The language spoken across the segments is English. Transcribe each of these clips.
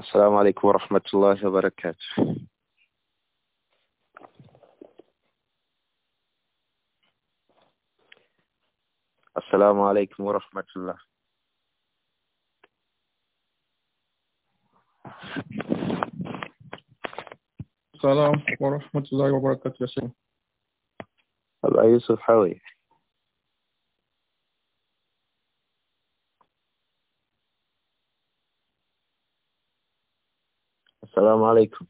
السلام عليكم ورحمة الله وبركاته السلام عليكم ورحمة الله السلام ورحمة الله وبركاته يا سيدي أبا يوسف حوي Assalamu alaikum.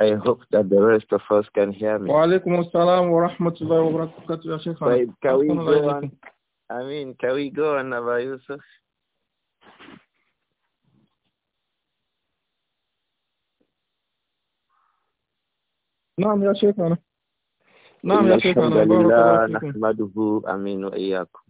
I hope that the rest of us can hear me. Wa alaikum assalam wa rahmatullahi wa barakatuh, Sheikh. Can, we go on? I mean, can we go on, Abba Yusuf? نعم يا شيخنا نعم يا شيخنا الحمد لله نحمده امين واياكم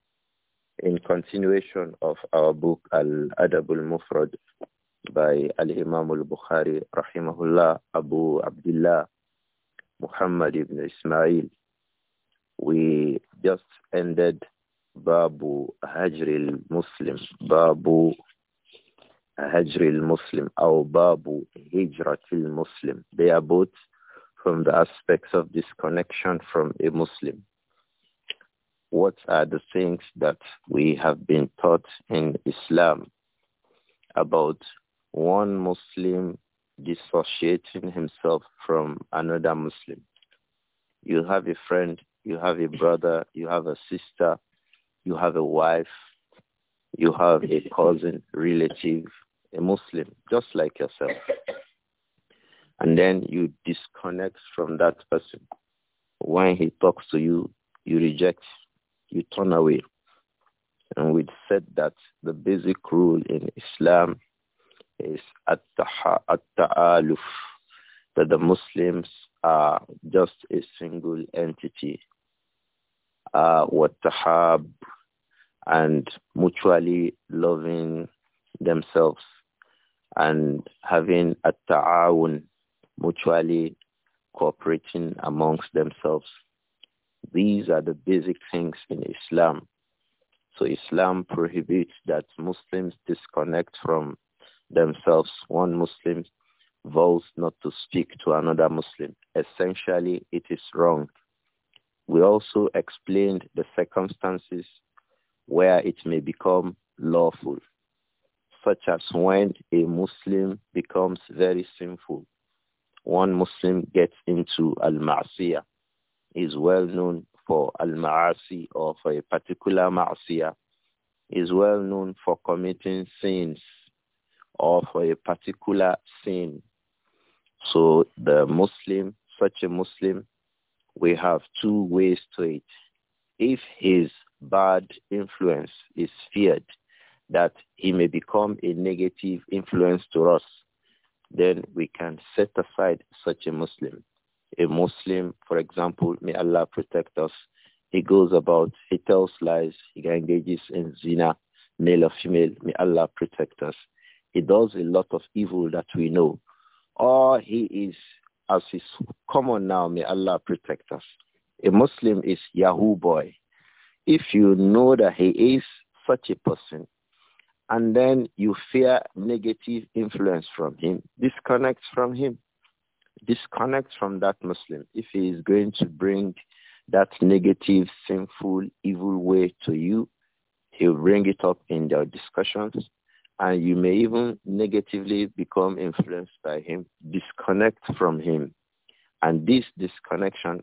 in continuation of our book al Adabul al-Mufrad by Al-Imam al-Bukhari rahimahullah Abu Abdullah Muhammad ibn Ismail. We just ended Babu Hajril Muslim, Babu Hajril Muslim, or Babu Hijratil Muslim. They are both from the aspects of disconnection from a Muslim what are the things that we have been taught in Islam about one Muslim dissociating himself from another Muslim. You have a friend, you have a brother, you have a sister, you have a wife, you have a cousin, relative, a Muslim, just like yourself. And then you disconnect from that person. When he talks to you, you reject you turn away. And we said that the basic rule in Islam is at-ta'aluf, that the Muslims are just a single entity, uh, and mutually loving themselves and having at-ta'awun, mutually cooperating amongst themselves these are the basic things in Islam. So Islam prohibits that Muslims disconnect from themselves. One Muslim vows not to speak to another Muslim. Essentially, it is wrong. We also explained the circumstances where it may become lawful, such as when a Muslim becomes very sinful. One Muslim gets into al-ma'siyah is well known for al-ma'asi or for a particular ma'asiya. is well known for committing sins or for a particular sin. So the Muslim, such a Muslim, we have two ways to it. If his bad influence is feared, that he may become a negative influence to us, then we can set aside such a Muslim. A Muslim, for example, may Allah protect us, he goes about, he tells lies, he engages in zina, male or female, may Allah protect us. He does a lot of evil that we know. Or he is, as is common now, may Allah protect us. A Muslim is Yahoo boy. If you know that he is such a person, and then you fear negative influence from him, disconnect from him disconnect from that Muslim if he is going to bring that negative, sinful, evil way to you. He'll bring it up in their discussions and you may even negatively become influenced by him. Disconnect from him. And this disconnection,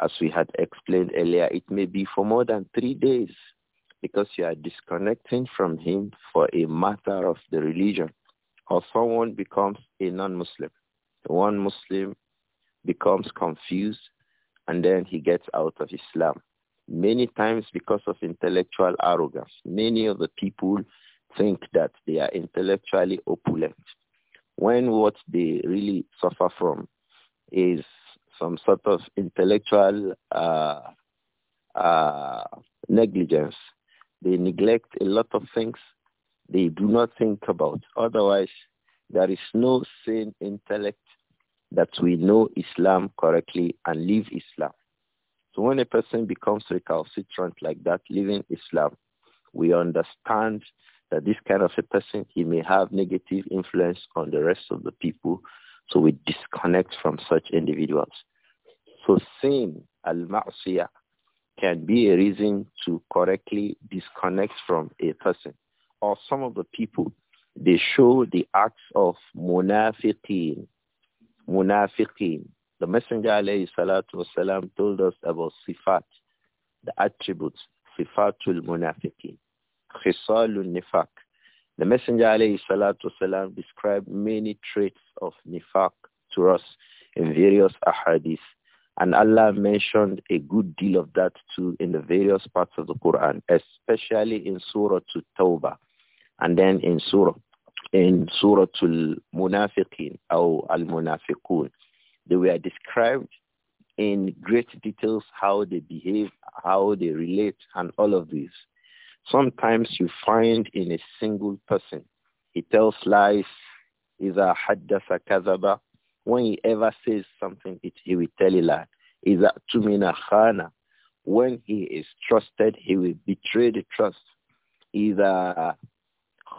as we had explained earlier, it may be for more than three days because you are disconnecting from him for a matter of the religion or someone becomes a non-Muslim one Muslim becomes confused and then he gets out of Islam. Many times because of intellectual arrogance, many of the people think that they are intellectually opulent when what they really suffer from is some sort of intellectual uh, uh, negligence. They neglect a lot of things they do not think about. Otherwise, there is no sane intellect that we know Islam correctly and live Islam. So when a person becomes recalcitrant like that, living Islam, we understand that this kind of a person, he may have negative influence on the rest of the people. So we disconnect from such individuals. So sin, al-ma'siyah, can be a reason to correctly disconnect from a person or some of the people they show the acts of munafiqeen. Munafiqeen. The Messenger alayhi salatu wasalam told us about sifat, the attributes, sifatul munafiqeen, khisalul nifaq. The Messenger alayhi salatu wasalam described many traits of nifaq to us in various ahadith. And Allah mentioned a good deal of that too in the various parts of the Quran, especially in Surah Tawbah. And then in Surah, in Surah Al-Munafiqin or Al-Munafiqun, they were described in great details how they behave, how they relate, and all of this. Sometimes you find in a single person, he tells lies, is a haddasa kazaba. When he ever says something, it, he will tell a lie. Is a tumina khana. When he is trusted, he will betray the trust. Is a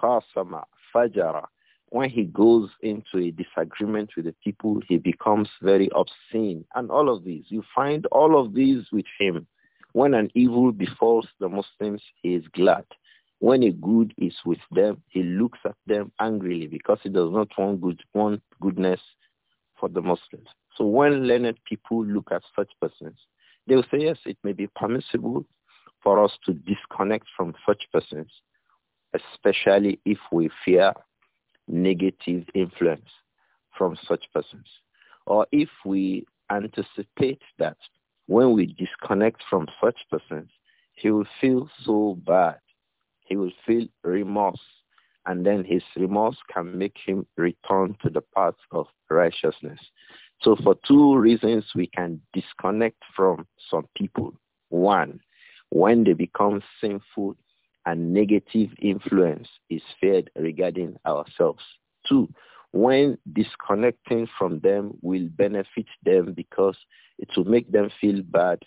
khasama, fajara. When he goes into a disagreement with the people, he becomes very obscene. And all of these, you find all of these with him. When an evil befalls the Muslims, he is glad. When a good is with them, he looks at them angrily because he does not want good, want goodness for the Muslims. So when learned people look at such persons, they will say, yes, it may be permissible for us to disconnect from such persons especially if we fear negative influence from such persons. Or if we anticipate that when we disconnect from such persons, he will feel so bad. He will feel remorse. And then his remorse can make him return to the path of righteousness. So for two reasons, we can disconnect from some people. One, when they become sinful and negative influence is feared regarding ourselves. Two, when disconnecting from them will benefit them because it will make them feel bad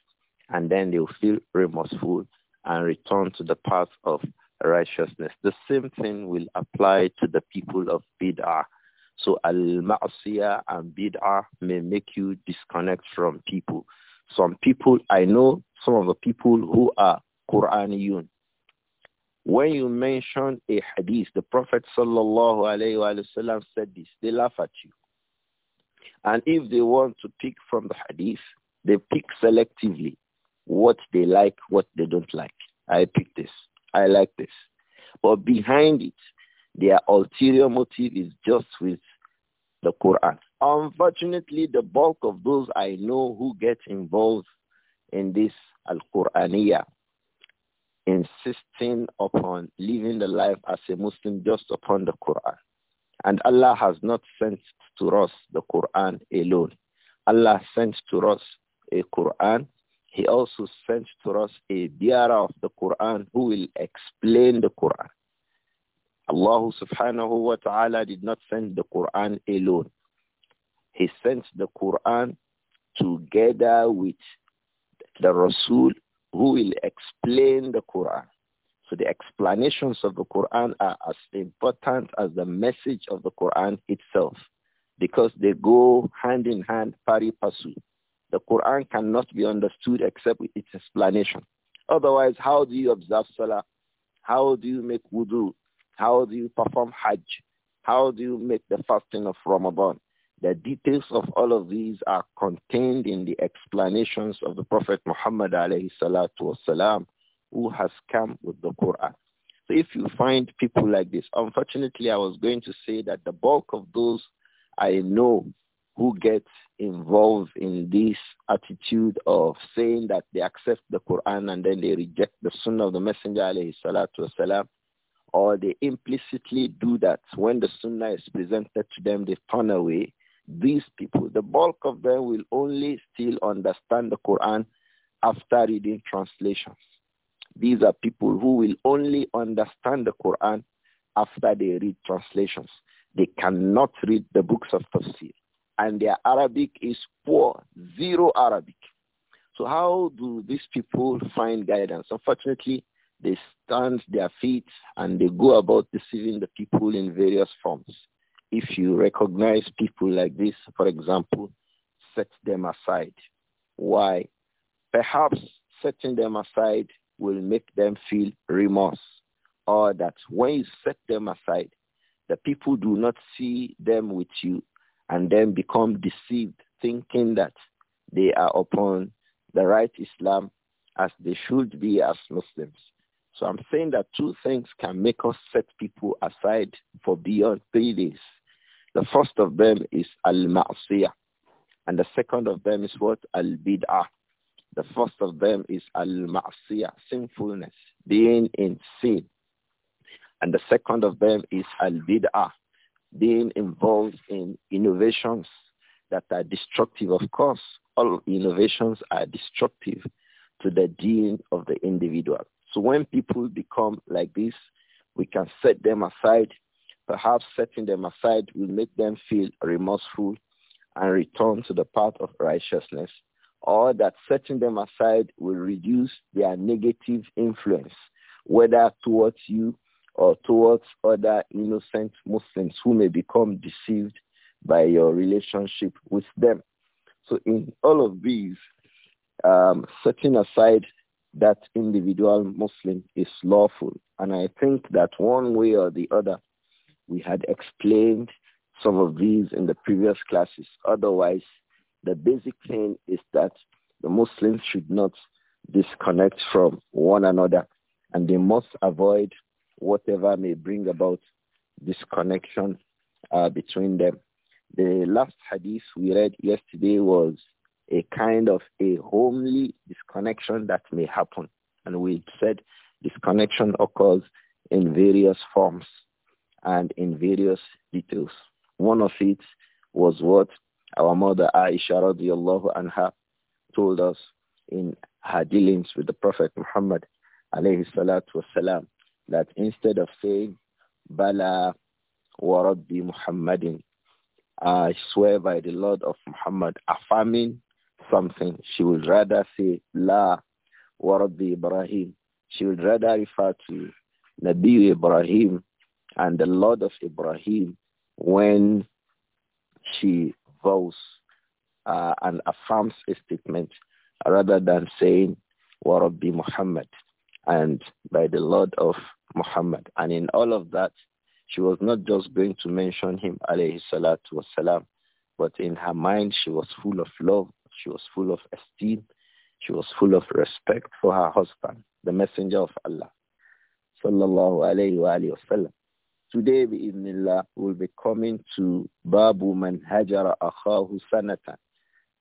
and then they will feel remorseful and return to the path of righteousness. The same thing will apply to the people of Bid'ah. So al Maasiyah and Bid'ah may make you disconnect from people. Some people, I know some of the people who are Quraniyun, when you mention a hadith, the Prophet sallallahu alayhi wa sallam said this, they laugh at you. And if they want to pick from the hadith, they pick selectively what they like, what they don't like. I pick this. I like this. But behind it, their ulterior motive is just with the Quran. Unfortunately, the bulk of those I know who get involved in this Al-Qur'aniyah, insisting upon living the life as a Muslim just upon the Quran. And Allah has not sent to us the Quran alone. Allah sent to us a Quran. He also sent to us a bearer of the Quran who will explain the Quran. Allah subhanahu wa ta'ala did not send the Quran alone. He sent the Quran together with the Rasul who will explain the Quran. So the explanations of the Quran are as important as the message of the Quran itself because they go hand in hand, pari passu. The Quran cannot be understood except with its explanation. Otherwise, how do you observe Salah? How do you make wudu? How do you perform Hajj? How do you make the fasting of Ramadan? The details of all of these are contained in the explanations of the Prophet Muhammad alayhi salatu wasalam, who has come with the Quran. So if you find people like this, unfortunately, I was going to say that the bulk of those I know who get involved in this attitude of saying that they accept the Quran and then they reject the Sunnah of the Messenger alayhi salatu wasalam, or they implicitly do that when the Sunnah is presented to them, they turn away these people, the bulk of them will only still understand the Quran after reading translations. These are people who will only understand the Quran after they read translations. They cannot read the books of tafsir. And their Arabic is poor, zero Arabic. So how do these people find guidance? Unfortunately, they stand their feet and they go about deceiving the people in various forms. If you recognize people like this, for example, set them aside. Why? Perhaps setting them aside will make them feel remorse or that when you set them aside, the people do not see them with you and then become deceived thinking that they are upon the right Islam as they should be as Muslims. So I'm saying that two things can make us set people aside for beyond three days. The first of them is al-ma'siyah. And the second of them is what? Al-bid'ah. The first of them is al-ma'siyah, sinfulness, being in sin. And the second of them is al-bid'ah, being involved in innovations that are destructive. Of course, all innovations are destructive to the deen of the individual. So when people become like this, we can set them aside Perhaps setting them aside will make them feel remorseful and return to the path of righteousness, or that setting them aside will reduce their negative influence, whether towards you or towards other innocent Muslims who may become deceived by your relationship with them. So in all of these, um, setting aside that individual Muslim is lawful. And I think that one way or the other, we had explained some of these in the previous classes. Otherwise, the basic thing is that the Muslims should not disconnect from one another and they must avoid whatever may bring about disconnection uh, between them. The last hadith we read yesterday was a kind of a homely disconnection that may happen. And we said disconnection occurs in various forms and in various details. One of it was what our mother Aisha radiallahu anha told us in her dealings with the Prophet Muhammad alayhi salatu wasalam that instead of saying Bala wa Rabbi Muhammadin, I swear by the Lord of Muhammad, affirming something, she would rather say La wa Rabbi Ibrahim. She would rather refer to Nabi Ibrahim and the Lord of Ibrahim when she vows uh, and affirms a statement rather than saying Warabbi Muhammad and by the Lord of Muhammad. And in all of that, she was not just going to mention him, alayhi salatu wasalam, but in her mind she was full of love, she was full of esteem, she was full of respect for her husband, the messenger of Allah, sallallahu alayhi wa, alayhi wa Today, bi'idhnillah, we'll be coming to Babu man hajara akhahu sanatan.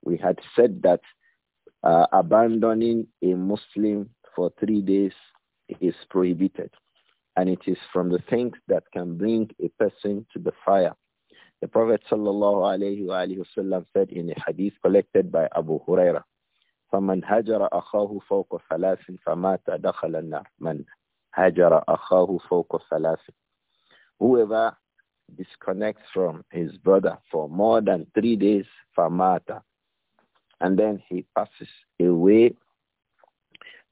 We had said that uh, abandoning a Muslim for three days is prohibited. And it is from the things that can bring a person to the fire. The Prophet sallallahu said in a hadith collected by Abu Huraira, فَمَنْ هَجَرَ أَخَاهُ فَوْقَ ثَلَاثٍ فَمَاتَ Al النَّارِ مَنْ هَجَرَ أَخَاهُ فَوْقَ ثَلَاثٍ Whoever disconnects from his brother for more than three days, famata, and then he passes away,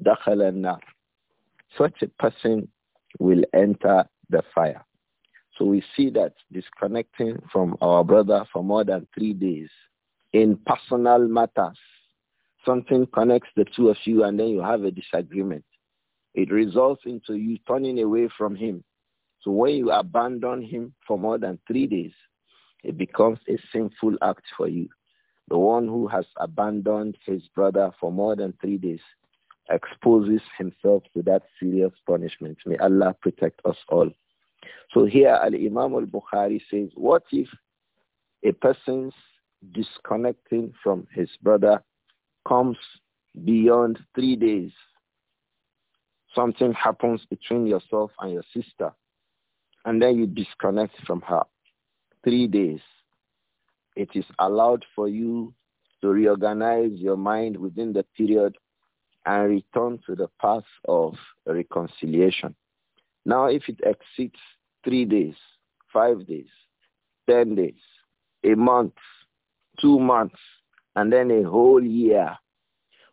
Such a person will enter the fire. So we see that disconnecting from our brother for more than three days in personal matters, something connects the two of you and then you have a disagreement. It results into you turning away from him so when you abandon him for more than three days, it becomes a sinful act for you. The one who has abandoned his brother for more than three days exposes himself to that serious punishment. May Allah protect us all. So here Al-Imam al-Bukhari says, what if a person's disconnecting from his brother comes beyond three days? Something happens between yourself and your sister and then you disconnect from her. Three days. It is allowed for you to reorganize your mind within the period and return to the path of reconciliation. Now, if it exceeds three days, five days, 10 days, a month, two months, and then a whole year,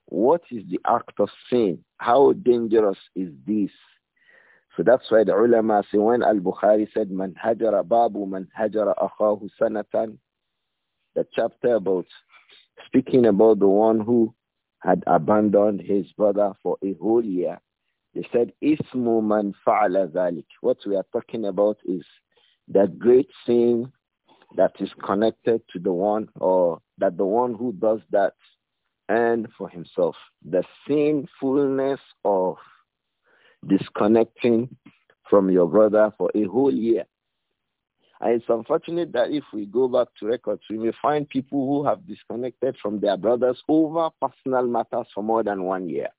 what is the act of sin? How dangerous is this? So that's why the ulama say when Al-Bukhari said, Man hajara babu man hajara akhahu sanatan, the chapter about speaking about the one who had abandoned his brother for a whole year, they said, Ismu man fa'ala ذلك. What we are talking about is that great sin that is connected to the one or that the one who does that and for himself. The sinfulness of disconnecting from your brother for a whole year. And it's unfortunate that if we go back to records, we may find people who have disconnected from their brothers over personal matters for more than one year.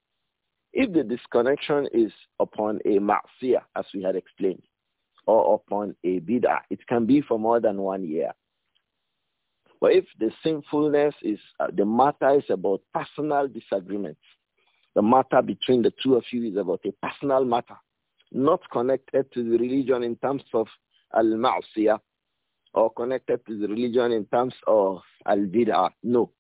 If the disconnection is upon a ma'siyah, as we had explained, or upon a bid'ah, it can be for more than one year. But if the sinfulness is, uh, the matter is about personal disagreements, the matter between the two of you is about a personal matter, not connected to the religion in terms of al-ma'siyah or connected to the religion in terms of al-bid'ah. No.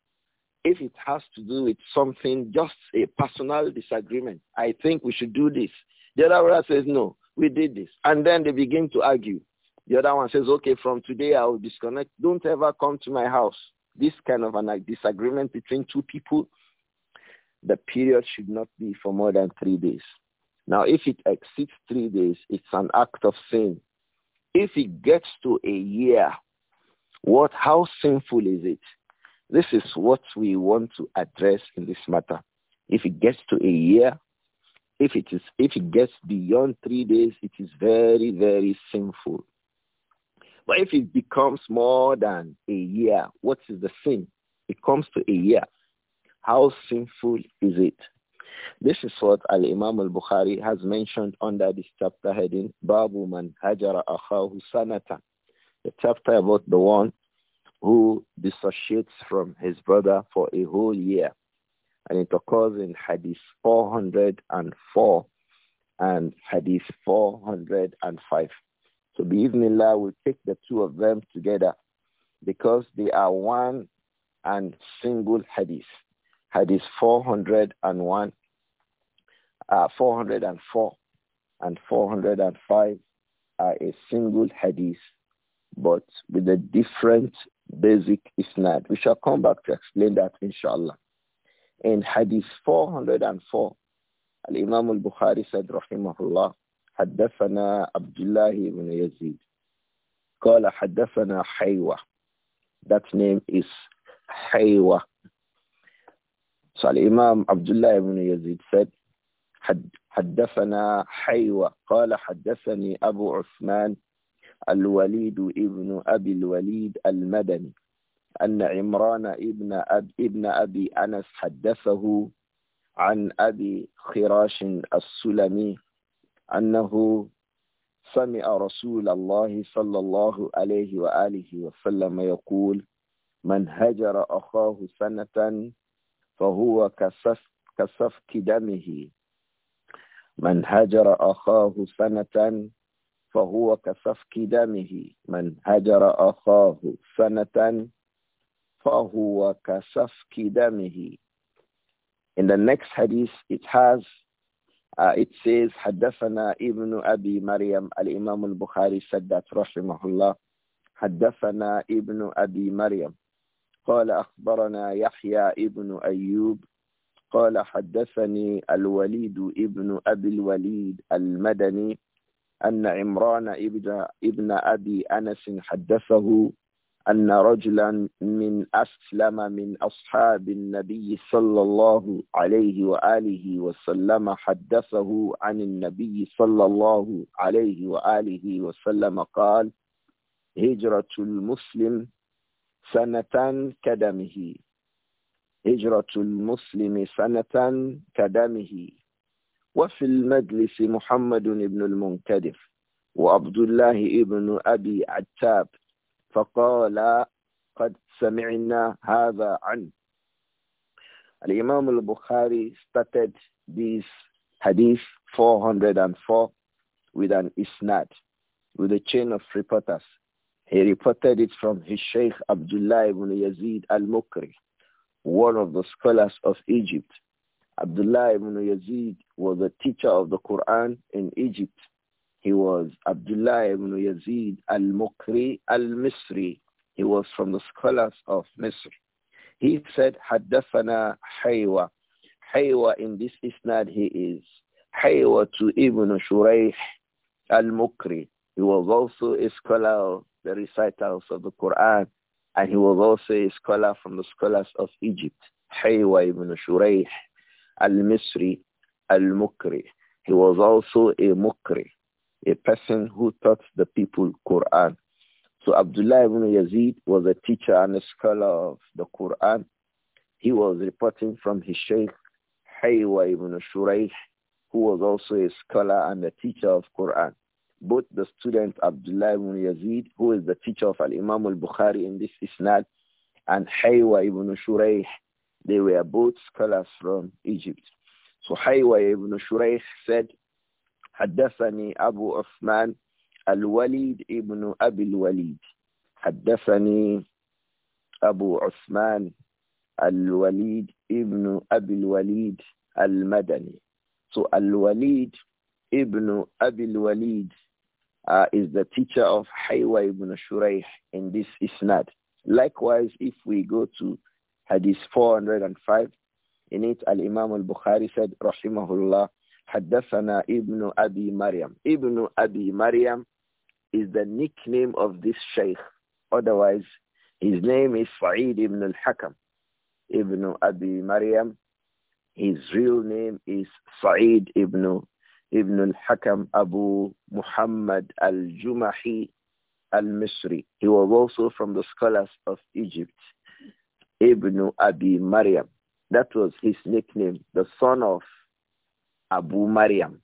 If it has to do with something, just a personal disagreement, I think we should do this. The other one says, no, we did this. And then they begin to argue. The other one says, okay, from today I will disconnect. Don't ever come to my house. This kind of an, a disagreement between two people the period should not be for more than three days. Now, if it exceeds three days, it's an act of sin. If it gets to a year, what, how sinful is it? This is what we want to address in this matter. If it gets to a year, if it, is, if it gets beyond three days, it is very, very sinful. But if it becomes more than a year, what is the sin? It comes to a year. How sinful is it? This is what Al-Imam al-Bukhari has mentioned under this chapter heading, Babu man hajara akhahu sanatan. The chapter about the one who dissociates from his brother for a whole year. And it occurs in Hadith 404 and Hadith 405. So law will take the two of them together because they are one and single Hadith. Hadith 401, uh, 404 and 405 are a single hadith, but with a different basic isnad. We shall come back to explain that, inshallah. In hadith 404, الإمام البخاري said رحمه الله حدثنا عبد الله بن يزيد قال حدثنا حيوة that name is حيوة الإمام عبد الله بن يزيد said, حدثنا حيوة قال حدثني أبو عثمان الوليد ابن أبي الوليد المدني أن عمران ابن, أب ابن أبي أنس حدثه عن أبي خراش السلمي أنه سمع رسول الله صلى الله عليه وآله وسلم يقول من هجر أخاه سنة فهو كسف كسفك دمه من هجر أخاه سنة فهو كسفك دمه من هجر أخاه سنة فهو كسفك دمه In the next hadith it has uh, it says حدثنا ابن أبي مريم الإمام البخاري said that رحمه الله حدثنا ابن أبي مريم قال أخبرنا يحيى ابن أيوب قال حدثني الوليد ابن أبي الوليد المدني أن عمران ابن, ابن أبي أنس حدثه أن رجلا من أسلم من أصحاب النبي صلى الله عليه وآله وسلم حدثه عن النبي صلى الله عليه وآله وسلم قال هجرة المسلم سنة كدمه هجرة المسلم سنة كدمه وفي المجلس محمد بن المنكدر وعبد الله بن أبي عتاب فقال قد سمعنا هذا عن الإمام البخاري started this hadith 404 with an isnad with a chain of reporters He reported it from his Sheikh Abdullah ibn Yazid al-Mukri, one of the scholars of Egypt. Abdullah ibn Yazid was a teacher of the Quran in Egypt. He was Abdullah ibn Yazid al-Mukri al-Misri. He was from the scholars of Misr. He said, Haddafana Haywa. Haywa in this isnad he is Haywa to Ibn Shurayh al-Mukri. He was also a scholar of the recitals of the Quran, and he was also a scholar from the scholars of Egypt, Haywa ibn Shurayh, al-Misri, al-Mukri. He was also a Mukri, a person who taught the people Quran. So Abdullah ibn Yazid was a teacher and a scholar of the Quran. He was reporting from his sheikh, Haywa ibn Shurayh, who was also a scholar and a teacher of Quran both the student Abdullah ibn Yazid, who is the teacher of Al-Imam al-Bukhari in this isnad, and Haywa ibn Shurayh, they were both scholars from Egypt. So Haywa ibn Shurayh said, حدثني أبو عثمان الوليد ابن أبي الوليد حدثني أبو عثمان الوليد ابن أبي الوليد المدني So Al-Walid ibn Abil Walid uh, is the teacher of Haywa ibn Shuraih in this isnad. Likewise, if we go to Hadith 405, in it Al-Imam al-Bukhari said, Rahimahullah, Haddathana Ibn Abi Maryam. Ibn Abi Maryam is the nickname of this sheikh. Otherwise, his name is Sa'id ibn al-Hakam. Ibn Abi Maryam, his real name is Sa'id ibn Ibn al-Hakam Abu Muhammad al-Jumahi al-Misri. He was also from the scholars of Egypt. Ibn Abi Mariam. That was his nickname, the son of Abu Mariam.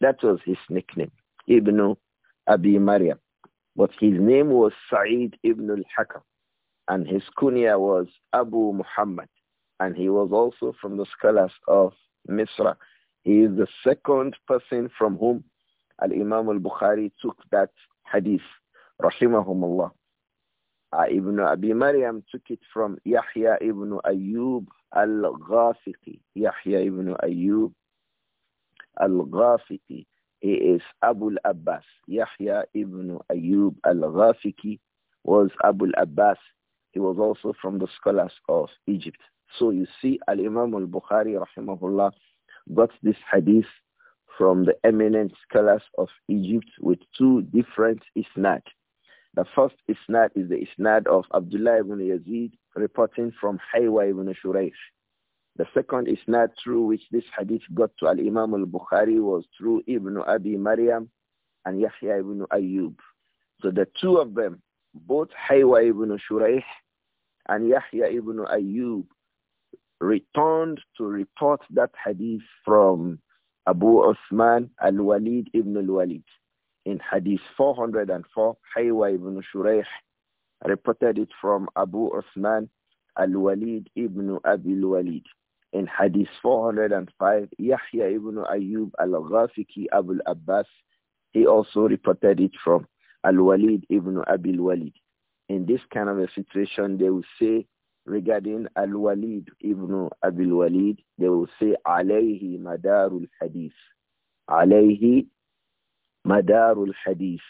That was his nickname, Ibn Abi Mariam. But his name was Sa'id ibn al-Hakam, and his kunya was Abu Muhammad, and he was also from the scholars of Misra. He is the second person from whom Al-Imam al-Bukhari took that hadith, rahimahumullah. Uh, Ibn Abi Maryam took it from Yahya ibn Ayyub al-Ghafiqi. Yahya ibn Ayyub al-Ghafiqi. He is Abu al-Abbas. Yahya ibn Ayyub al-Ghafiqi was Abu al-Abbas. He was also from the scholars of Egypt. So you see, Al-Imam al-Bukhari, rahimahullah, got this hadith from the eminent scholars of Egypt with two different isnad. The first isnad is the isnad of Abdullah ibn Yazid reporting from Haywa ibn Shuraish. The second isnad through which this hadith got to Al-Imam al-Bukhari was through Ibn Abi Maryam and Yahya ibn Ayyub. So the two of them, both Haywa ibn Shuraih and Yahya ibn Ayyub, returned to report that hadith from Abu Osman al-Walid ibn al-Walid. In hadith 404, Haywa ibn Shurayh reported it from Abu Osman al-Walid ibn Abi al-Walid. In hadith 405, Yahya ibn Ayyub al-Ghafiki Abu al-Abbas, he also reported it from al-Walid ibn Abi al-Walid. In this kind of a situation, they will say regarding Al-Walid ibn Abil Walid, they will say alayhi madarul hadith. Alayhi madarul hadith.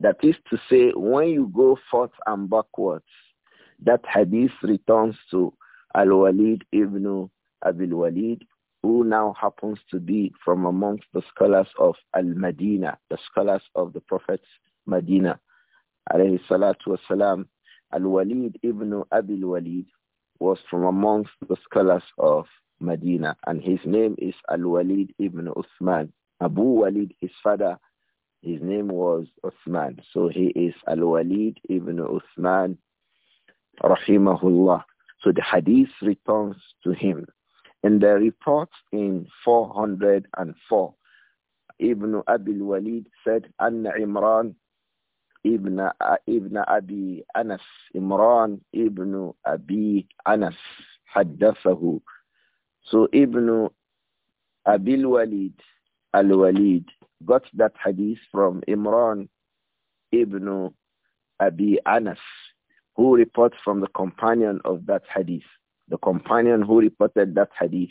That is to say, when you go forth and backwards, that hadith returns to Al-Walid ibn Abil Walid, who now happens to be from amongst the scholars of Al-Madina, the scholars of the Prophet's Madina, alayhi salatu wasalam, Al-Walid ibn Abi al-Walid was from amongst the scholars of Medina, and his name is Al-Walid ibn Uthman. Abu Walid, his father, his name was Uthman. So he is Al-Walid ibn Uthman, rahimahullah. So the hadith returns to him. And the report in 404, Ibn Abil Walid said, Anna Imran ibn, ibn Abi Anas, Imran ibn Abi Anas, حدثه. So Ibn Abil Walid, Al-Walid, got that hadith from Imran ibn Abi Anas, who reports from the companion of that hadith. The companion who reported that hadith,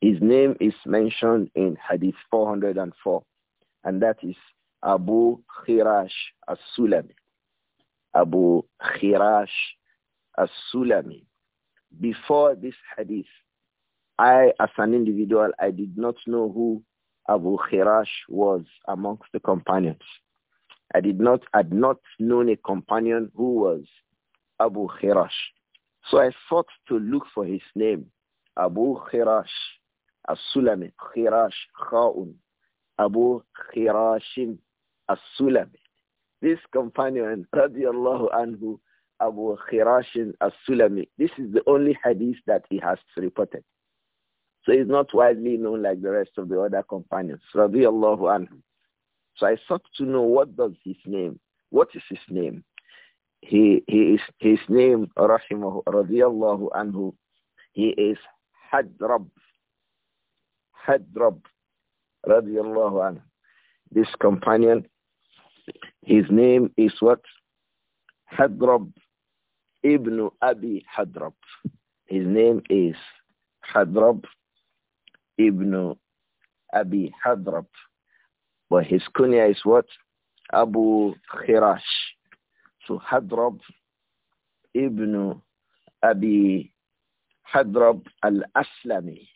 his name is mentioned in hadith 404, and that is Abu Khirash As-Sulami. Abu Khirash As-Sulami. Before this hadith, I, as an individual, I did not know who Abu Khirash was amongst the companions. I did not, had not known a companion who was Abu Khirash. So I sought to look for his name, Abu Khirash, As-Sulami, Khirash, Kha'un, Abu Khirashim. As-Sulami. This companion, radiallahu anhu, Abu Khirashin As-Sulami, this is the only hadith that he has reported. So he's not widely known like the rest of the other companions, radiallahu anhu. So I sought to know what does his name, what is his name? He, he is, his name, rahimahu, radiallahu anhu, he is Hadrab. Hadrab, radiallahu anhu. This companion his name is what? Hadrab ibn Abi Hadrab. His name is Hadrab ibn Abi Hadrab. But his kunya is what? Abu Khirash. So Hadrab ibn Abi Hadrab al-Aslami.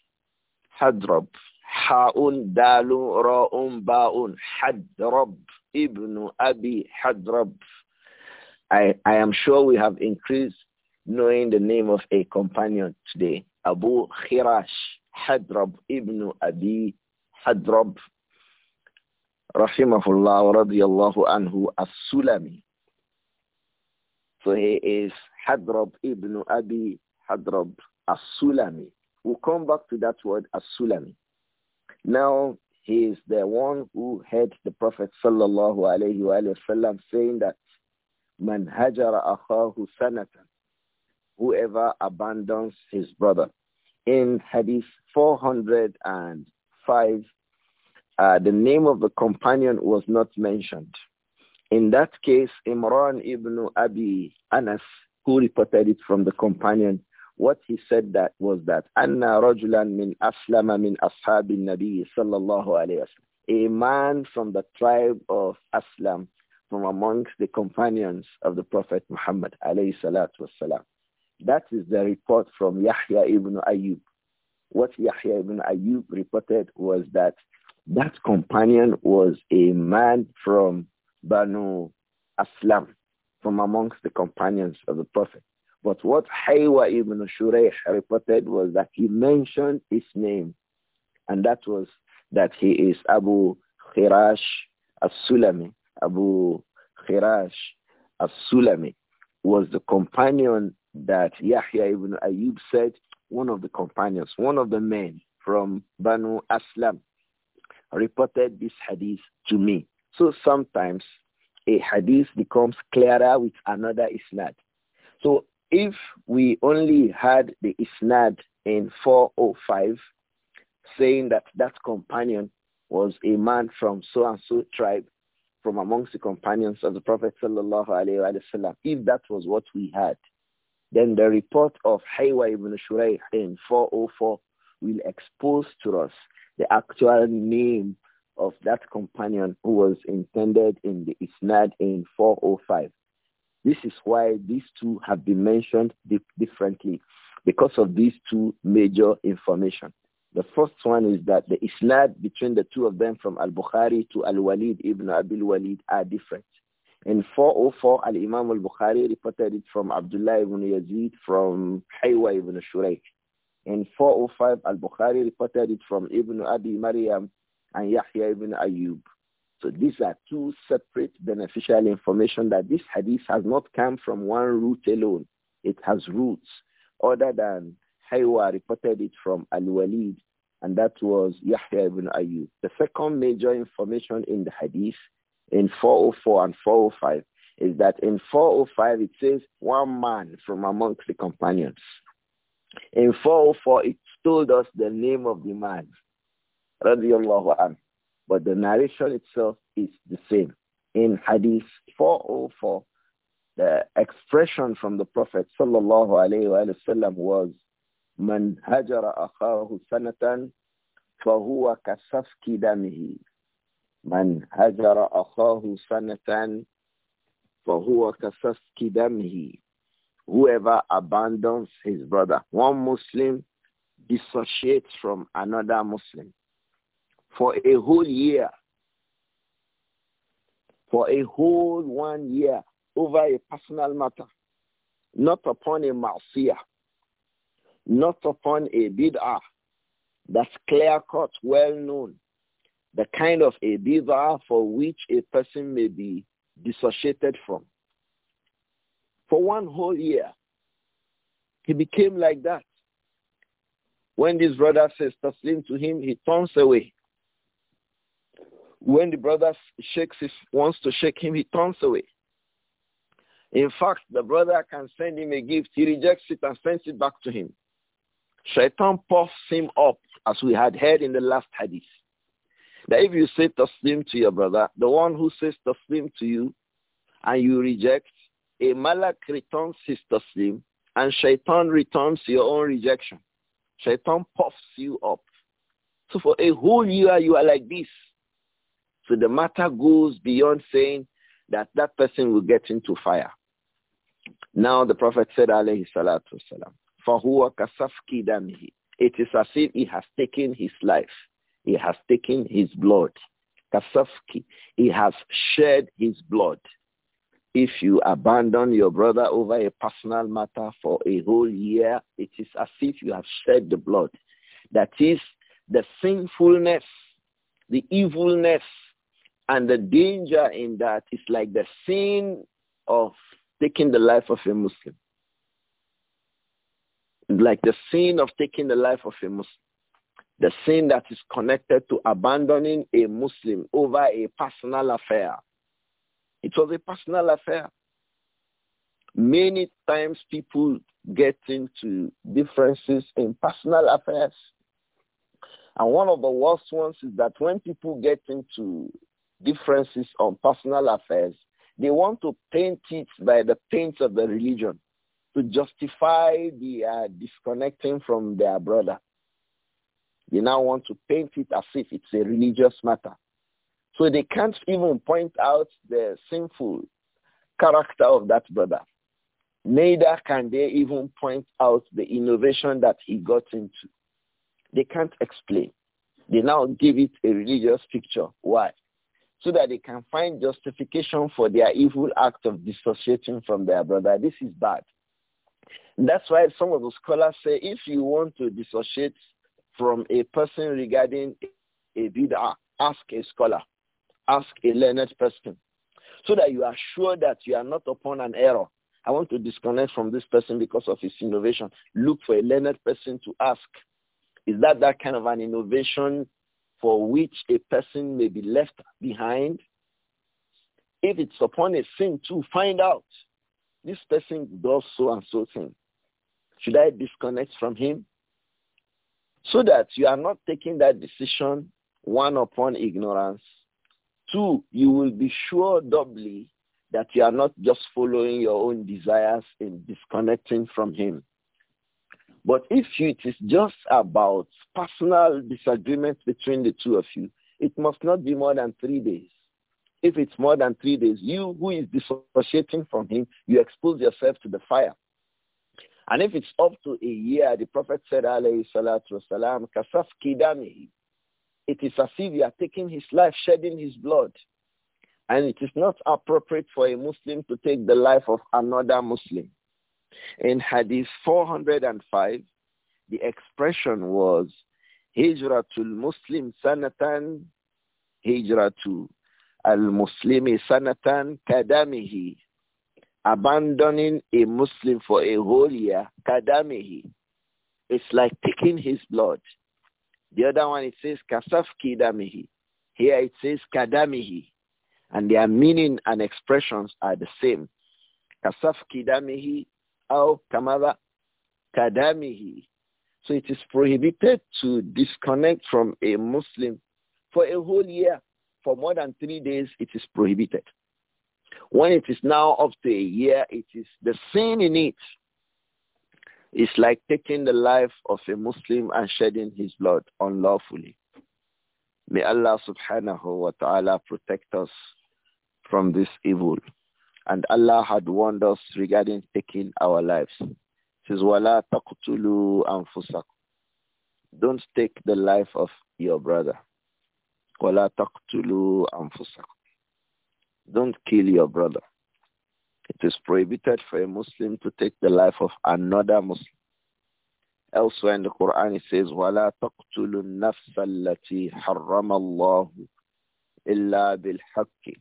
Hadrab. Ha'un, dalun, ra'un, ba'un. Hadrab. Ibn Abi Hadrab. I, I am sure we have increased knowing the name of a companion today. Abu Khirash Hadrab Ibn Abi Hadrab Rahimahullah radiallahu anhu as-Sulami. So he is Hadrab Ibn Abi Hadrab as-Sulami. We'll come back to that word as-Sulami. Now, he is the one who heard the Prophet sallallahu alayhi saying that man hajara akhahu sanatan, whoever abandons his brother. In Hadith 405, uh, the name of the companion was not mentioned. In that case, Imran ibn Abi Anas, who reported it from the companion, what he said that was that Anna Rajulan min Aslama min Ashabi Nabi sallallahu alayhi wa A man from the tribe of Aslam, from amongst the companions of the Prophet Muhammad alayhi salatu wasalam. That is the report from Yahya ibn Ayyub. What Yahya ibn Ayyub reported was that that companion was a man from Banu Aslam, from amongst the companions of the Prophet but what Haywa ibn Shurayh reported was that he mentioned his name, and that was that he is Abu Khirash as-Sulami. Abu Khirash as-Sulami was the companion that Yahya ibn Ayyub said, one of the companions, one of the men from Banu Aslam reported this hadith to me. So sometimes a hadith becomes clearer with another isnad. So if we only had the isnad in 405 saying that that companion was a man from so and so tribe from amongst the companions of the Prophet sallallahu alaihi wasallam, if that was what we had, then the report of Haywa ibn Shuraih in 404 will expose to us the actual name of that companion who was intended in the Isnad in 405. This is why these two have been mentioned differently because of these two major information. The first one is that the isnad between the two of them from Al-Bukhari to Al-Walid ibn Abil Walid are different. In 404, Al-Imam Al-Bukhari reported it from Abdullah ibn Yazid from Haywa ibn Shuraik. In 405, Al-Bukhari reported it from Ibn Abi Maryam and Yahya ibn Ayyub. So these are two separate beneficial information that this hadith has not come from one root alone. It has roots other than Haywa reported it from Al-Walid and that was Yahya ibn Ayyub. The second major information in the hadith in 404 and 405 is that in 405 it says one man from amongst the companions. In 404 it told us the name of the man, radiallahu anhu. But the narration itself is the same. In Hadith 404, the expression from the Prophet sallallahu alaihi wasallam was من هجر أخاه سنة فهو كسفك دمه من هجر أخاه سنة فهو كسفك دمه whoever abandons his brother one Muslim dissociates from another Muslim for a whole year. For a whole one year over a personal matter. Not upon a marcia. Not upon a bid'ah. That's clear cut, well known. The kind of a bid'ah for which a person may be dissociated from. For one whole year, he became like that. When his brother says Taslim to him, he turns away. When the brother shakes his, wants to shake him, he turns away. In fact, the brother can send him a gift. He rejects it and sends it back to him. Shaitan puffs him up, as we had heard in the last hadith. That if you say taslim to your brother, the one who says taslim to you, and you reject, a malak returns his taslim, and shaitan returns your own rejection. Shaitan puffs you up. So for a whole year, you are like this. So the matter goes beyond saying that that person will get into fire. Now the Prophet said, alayhi salatu wasalam, فَهُوَ كَسَفْكِ دَمِهِ It is as if he has taken his life. He has taken his blood. Kasafki. He has shed his blood. If you abandon your brother over a personal matter for a whole year, it is as if you have shed the blood. That is the sinfulness, the evilness and the danger in that is like the sin of taking the life of a Muslim. Like the sin of taking the life of a Muslim. The sin that is connected to abandoning a Muslim over a personal affair. It was a personal affair. Many times people get into differences in personal affairs. And one of the worst ones is that when people get into differences on personal affairs, they want to paint it by the paint of the religion to justify the uh, disconnecting from their brother. They now want to paint it as if it's a religious matter. So they can't even point out the sinful character of that brother. Neither can they even point out the innovation that he got into. They can't explain. They now give it a religious picture. Why? so that they can find justification for their evil act of dissociating from their brother. This is bad. that's why some of the scholars say if you want to dissociate from a person regarding a bid'ah, ask a scholar, ask a learned person, so that you are sure that you are not upon an error. I want to disconnect from this person because of his innovation. Look for a learned person to ask. Is that that kind of an innovation for which a person may be left behind? If it's upon a sin to find out, this person does so and so thing. Should I disconnect from him? So that you are not taking that decision, one, upon ignorance. Two, you will be sure doubly that you are not just following your own desires in disconnecting from him. But if it is just about personal disagreement between the two of you, it must not be more than three days. If it's more than three days, you who is dissociating from him, you expose yourself to the fire. And if it's up to a year, the Prophet said, alayhi salatu wasalam, kasaf kidami. It is as if you are taking his life, shedding his blood. And it is not appropriate for a Muslim to take the life of another Muslim. In Hadith 405, the expression was Hijratul Muslim sanatan, Hijratu al-Muslimi sanatan kadamihi. Abandoning a Muslim for a whole year, kadamihi. It's like taking his blood. The other one, it says kasaf kidamihi. Here it says kadamihi. And their meaning and expressions are the same. Kasaf kidamihi أو so it is prohibited to disconnect from a Muslim for a whole year. For more than three days, it is prohibited. When it is now up to a year, it is the sin in it. It's like taking the life of a Muslim and shedding his blood unlawfully. May Allah subhanahu wa ta'ala protect us from this evil. And Allah had warned us regarding taking our lives. He says, Wala taqtulu anfusakum. Don't take the life of your brother. Wala taqtulu anfusakum. Don't kill your brother. It is prohibited for a Muslim to take the life of another Muslim. Elsewhere in the Quran it says, وَلَا تَقْتُلُوا النَّفْسَ الَّتِي حَرَّمَ اللَّهُ إِلَّا بِالْحَقِّ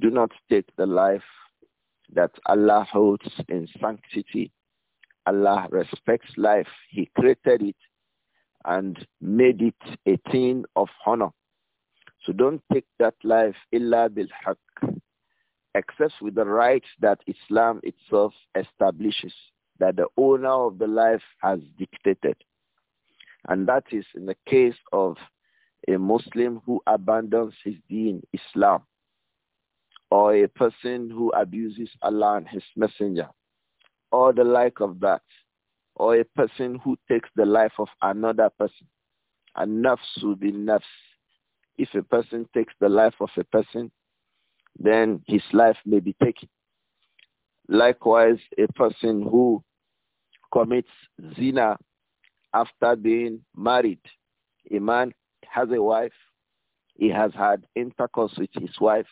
do not take the life that Allah holds in sanctity. Allah respects life. He created it and made it a thing of honor. So don't take that life illa bil haqq, except with the rights that Islam itself establishes, that the owner of the life has dictated. And that is in the case of a Muslim who abandons his deen, Islam or a person who abuses Allah and his messenger or the like of that or a person who takes the life of another person. Enough should be nafs. If a person takes the life of a person, then his life may be taken. Likewise, a person who commits zina after being married. A man has a wife. He has had intercourse with his wife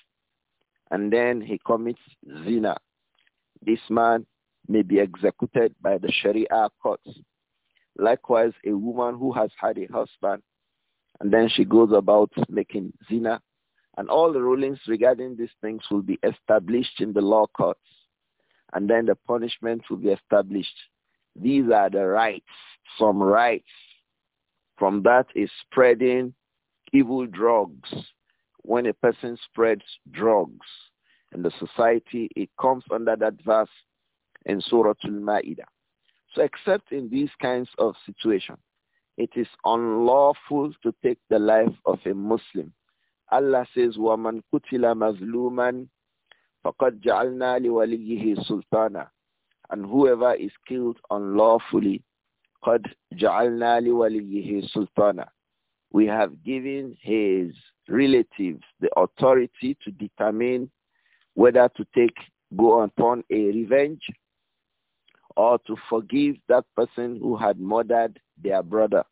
and then he commits zina. This man may be executed by the Sharia courts. Likewise, a woman who has had a husband and then she goes about making zina, and all the rulings regarding these things will be established in the law courts, and then the punishment will be established. These are the rights, some rights. From that is spreading evil drugs, when a person spreads drugs in the society, it comes under that verse in Surah Al-Ma'idah. So except in these kinds of situations, it is unlawful to take the life of a Muslim. Allah says, وَمَنْ قُتِلَ مَظْلُومًا فَقَدْ جَعَلْنَا لِوَلِيِّهِ سُلْطَانًا And whoever is killed unlawfully, قَدْ جَعَلْنَا لِوَلِيِّهِ سُلْطَانًا we have given his relatives the authority to determine whether to take go upon a revenge or to forgive that person who had murdered their brother.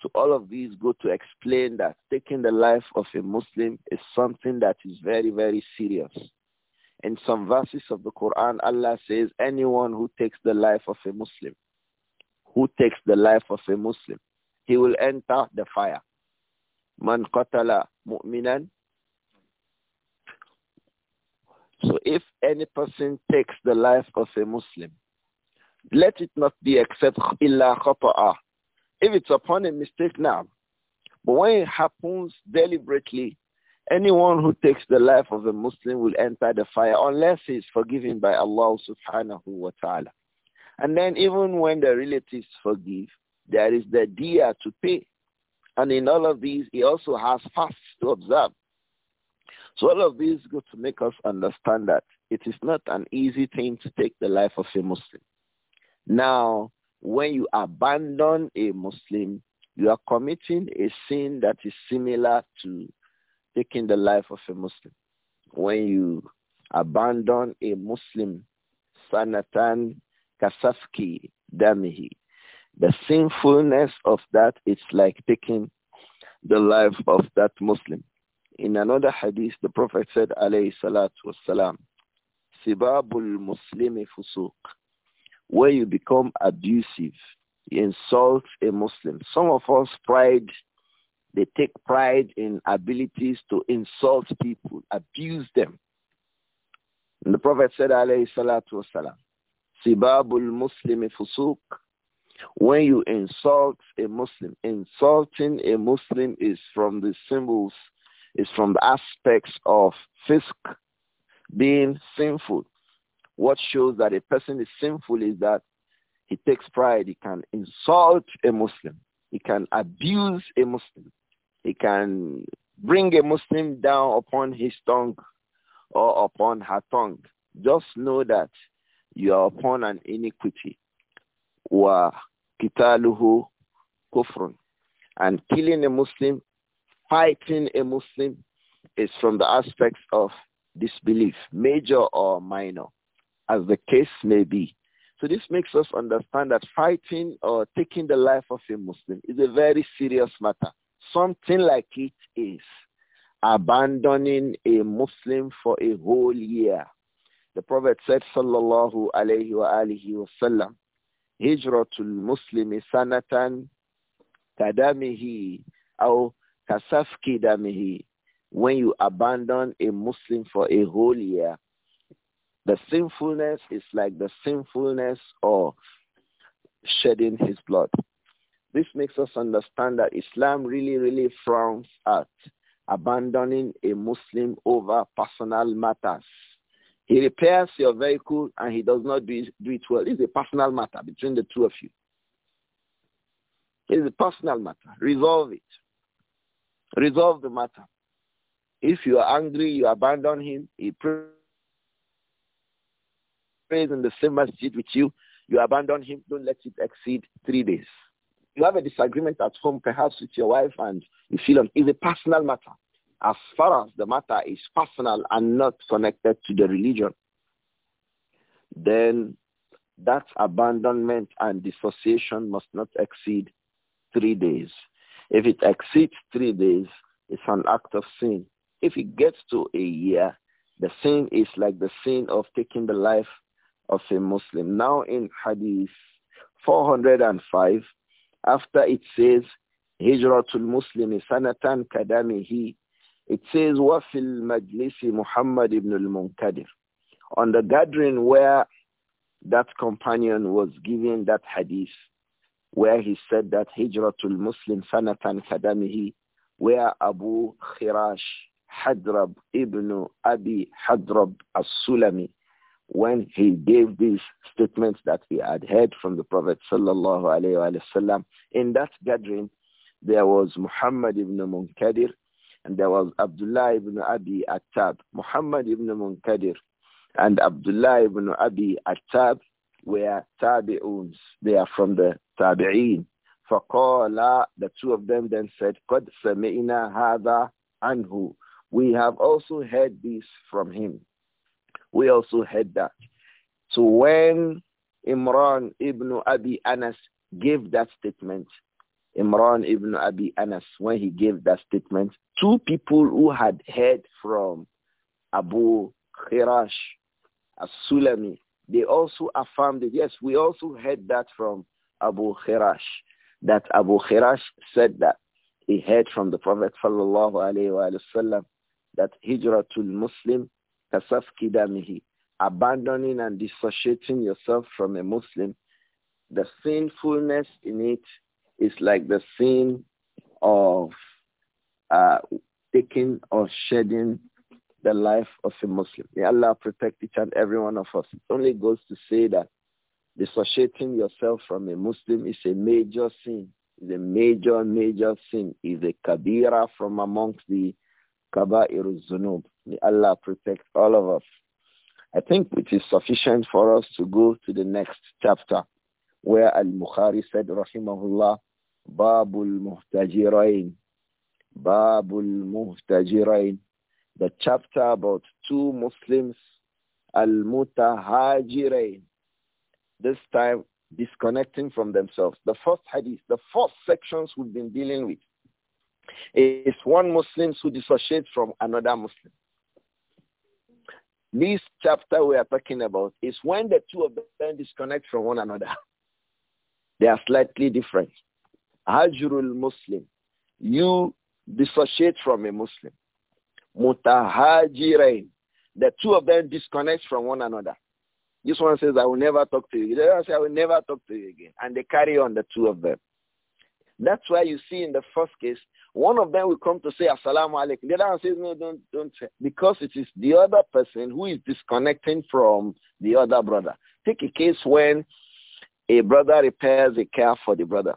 So all of these go to explain that taking the life of a Muslim is something that is very, very serious. In some verses of the Quran, Allah says, anyone who takes the life of a Muslim, who takes the life of a Muslim, he will enter the fire. Man qatala mu'minan. So if any person takes the life of a Muslim, let it not be except illa khata'a. If it's upon a mistake now, but when it happens deliberately, anyone who takes the life of a Muslim will enter the fire unless he is forgiven by Allah subhanahu wa ta'ala. And then even when the relatives forgive, there is the dia to pay. And in all of these, he also has fasts to observe. So all of these go to make us understand that it is not an easy thing to take the life of a Muslim. Now, when you abandon a Muslim, you are committing a sin that is similar to taking the life of a Muslim. When you abandon a Muslim, sanatan kasafki damihi, the sinfulness of that is like taking the life of that Muslim. In another hadith, the Prophet said, alayhi salatu wassalam, sibabul muslimi fusuq. Where you become abusive, you insult a Muslim. Some of us pride, they take pride in abilities to insult people, abuse them. And the Prophet said, alayhi salatu wassalam, sibabul muslimi fusuq. When you insult a Muslim, insulting a Muslim is from the symbols, is from the aspects of fisk being sinful. What shows that a person is sinful is that he takes pride. He can insult a Muslim. He can abuse a Muslim. He can bring a Muslim down upon his tongue or upon her tongue. Just know that you are upon an iniquity wa kitaluhu kufrun. And killing a Muslim, fighting a Muslim is from the aspects of disbelief, major or minor, as the case may be. So this makes us understand that fighting or taking the life of a Muslim is a very serious matter. Something like it is abandoning a Muslim for a whole year. The Prophet said, sallallahu alayhi wa alihi wasallam, hijratul muslimi sanatan kadamihi aw kasafki damihi. When you abandon a Muslim for a whole year, the sinfulness is like the sinfulness of shedding his blood. This makes us understand that Islam really, really frowns at abandoning a Muslim over personal matters. He repairs your vehicle and he does not do it, do it well. It's a personal matter between the two of you. It's a personal matter. Resolve it. Resolve the matter. If you are angry, you abandon him. He prays in the same masjid with you. You abandon him. Don't let it exceed three days. You have a disagreement at home, perhaps with your wife, and you feel it's a personal matter as far as the matter is personal and not connected to the religion, then that abandonment and dissociation must not exceed three days. If it exceeds three days, it's an act of sin. If it gets to a year, the sin is like the sin of taking the life of a Muslim. Now in Hadith 405, after it says, Hijratul Muslim sanatan kadamihi it says, fil Majlisi Muhammad ibn al-Munkadir. On the gathering where that companion was giving that hadith, where he said that Hijratul Muslim sanatan kadamihi, where Abu Khirash Hadrab ibn Abi Hadrab as-Sulami, when he gave these statements that he had heard from the Prophet sallallahu alayhi wa sallam, in that gathering, there was Muhammad ibn Munkadir, and there was Abdullah ibn Abi Attab, Muhammad ibn Munkadir, and Abdullah ibn Abi Attab were Tabi'uns. They are from the Tabi'een. فَقَالَ The two of them then said, قَدْ سَمِعْنَا هَذَا عَنْهُ We have also heard this from him. We also heard that. So when Imran ibn Abi Anas gave that statement, Imran ibn Abi Anas, when he gave that statement, two people who had heard from Abu Khirash as-Sulami, they also affirmed it. Yes, we also heard that from Abu Khirash, that Abu Khirash said that he heard from the Prophet sallallahu alayhi wa sallam that hijratul Muslim kasaf kidamihi, abandoning and dissociating yourself from a Muslim, the sinfulness in it is like the sin of uh, taking or shedding the life of a Muslim. May Allah protect each and every one of us. It only goes to say that dissociating yourself from a Muslim is a major sin. It's a major, major sin. It's a kabira from amongst the kaba'ir zunub. May Allah protect all of us. I think it is sufficient for us to go to the next chapter where Al-Bukhari said, Rahimahullah, Babul Muhtajirain. Babul Muhtajirain. The chapter about two Muslims, Al-Mutahajirain. This time, disconnecting from themselves. The first hadith, the first sections we've been dealing with, is one Muslim who dissociates from another Muslim. This chapter we are talking about is when the two of them disconnect from one another. They are slightly different. Hajrul Muslim. You dissociate from a Muslim. Mutahajirain. The two of them disconnect from one another. This one says, I will never talk to you. The other says, I will never talk to you again. And they carry on, the two of them. That's why you see in the first case, one of them will come to say, Assalamu alaikum. The other one says, no, don't, don't. Because it is the other person who is disconnecting from the other brother. Take a case when a brother repairs a car for the brother.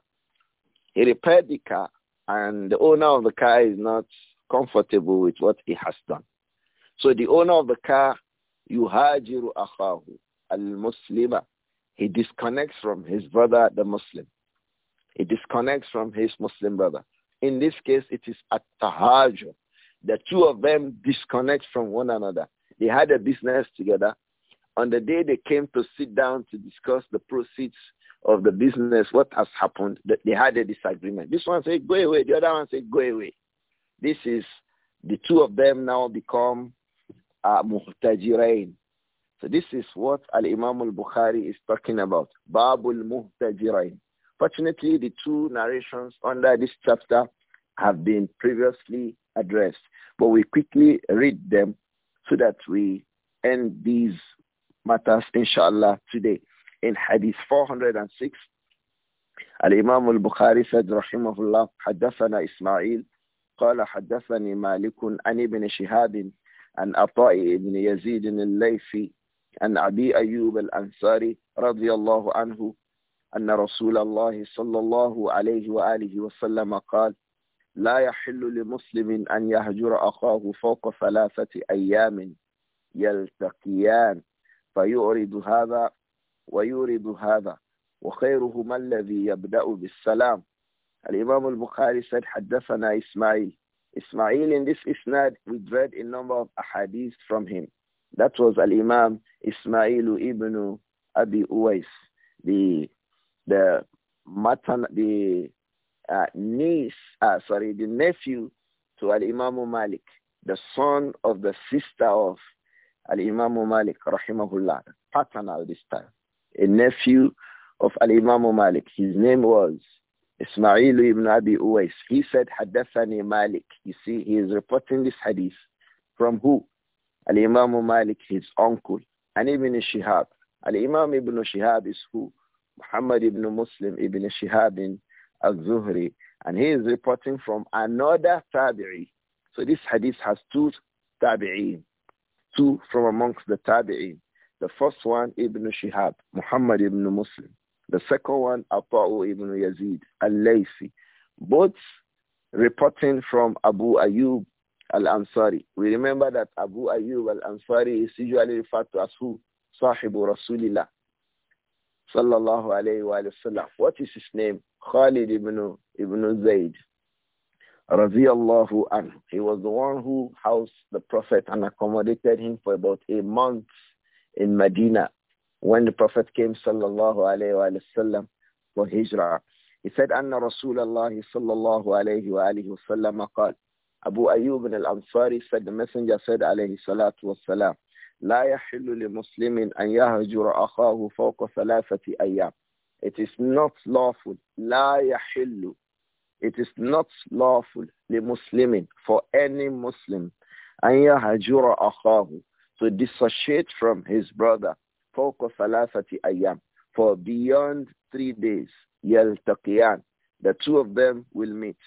He repaired the car and the owner of the car is not comfortable with what he has done. So the owner of the car, yuhajiru akhahu al-muslima. He disconnects from his brother, the Muslim. He disconnects from his Muslim brother. In this case, it is at-tahajur. The two of them disconnect from one another. They had a business together on the day they came to sit down to discuss the proceeds of the business, what has happened, that they had a disagreement. This one said, go away. The other one said, go away. This is, the two of them now become uh, muhtajirain. So this is what Al-Imam al-Bukhari is talking about. Babul muhtajirain. Fortunately, the two narrations under this chapter have been previously addressed, but we quickly read them so that we end these matters, inshallah, today. In Hadith 406, الإمام البخاري said رحمه الله حدثنا إسماعيل قال حدثني مالك عن ابن شهاب عن عطاء بن يزيد الليثي عن أبي أيوب الأنصاري رضي الله عنه أن رسول الله صلى الله عليه وآله وسلم قال لا يحل لمسلم أن يهجر أخاه فوق ثلاثة أيام يلتقيان فيعرض هذا ويورد هذا وخيرهما الذي يبدأ بالسلام الإمام البخاري said حدثنا إسماعيل إسماعيل in this isnad we read a number of ahadith from him that was al-Imam Ismail ibn Abi Uwais the the matan the uh, niece uh, sorry the nephew to al-Imam Malik the son of the sister of Al-Imam Malik, rahimahullah, paternal this time, a nephew of Al-Imam Malik. His name was Ismail ibn Abi Uwais. He said, Haddathani Malik. You see, he is reporting this hadith from who? Al-Imam Malik, his uncle, and Ibn Shihab. Al-Imam Ibn Shihab is who? Muhammad ibn Muslim ibn Shihab al-Zuhri. And he is reporting from another tabi'i. So this hadith has two tabi'in two from amongst the Tabi'in. The first one, Ibn Shihab, Muhammad ibn Muslim. The second one, Abu ibn Yazid, Al-Laysi. Both reporting from Abu Ayyub al-Ansari. We remember that Abu Ayyub al-Ansari is usually referred to as who? Sahibu Rasulillah. Sallallahu alayhi wa, alayhi What is his name? Khalid ibn, ibn Zayd radiallahu anhu. He was the one who housed the Prophet and accommodated him for about a month in Medina when the Prophet came sallallahu alayhi wasallam for hijrah. He said, أن رسول الله صلى الله عليه وآله وسلم Abu Ayyub al-Ansari said, the messenger said alayhi salatu wasalam, لا يحل لمسلم أن يهجر أخاه فوق ثلاثة أيام. It is not lawful. لا يحل it is not lawful Muslim, for any Muslim أن Hajura أخاه to dissociate from his brother فوق ثلاثة أيام for beyond three days يلتقيان the two of them will meet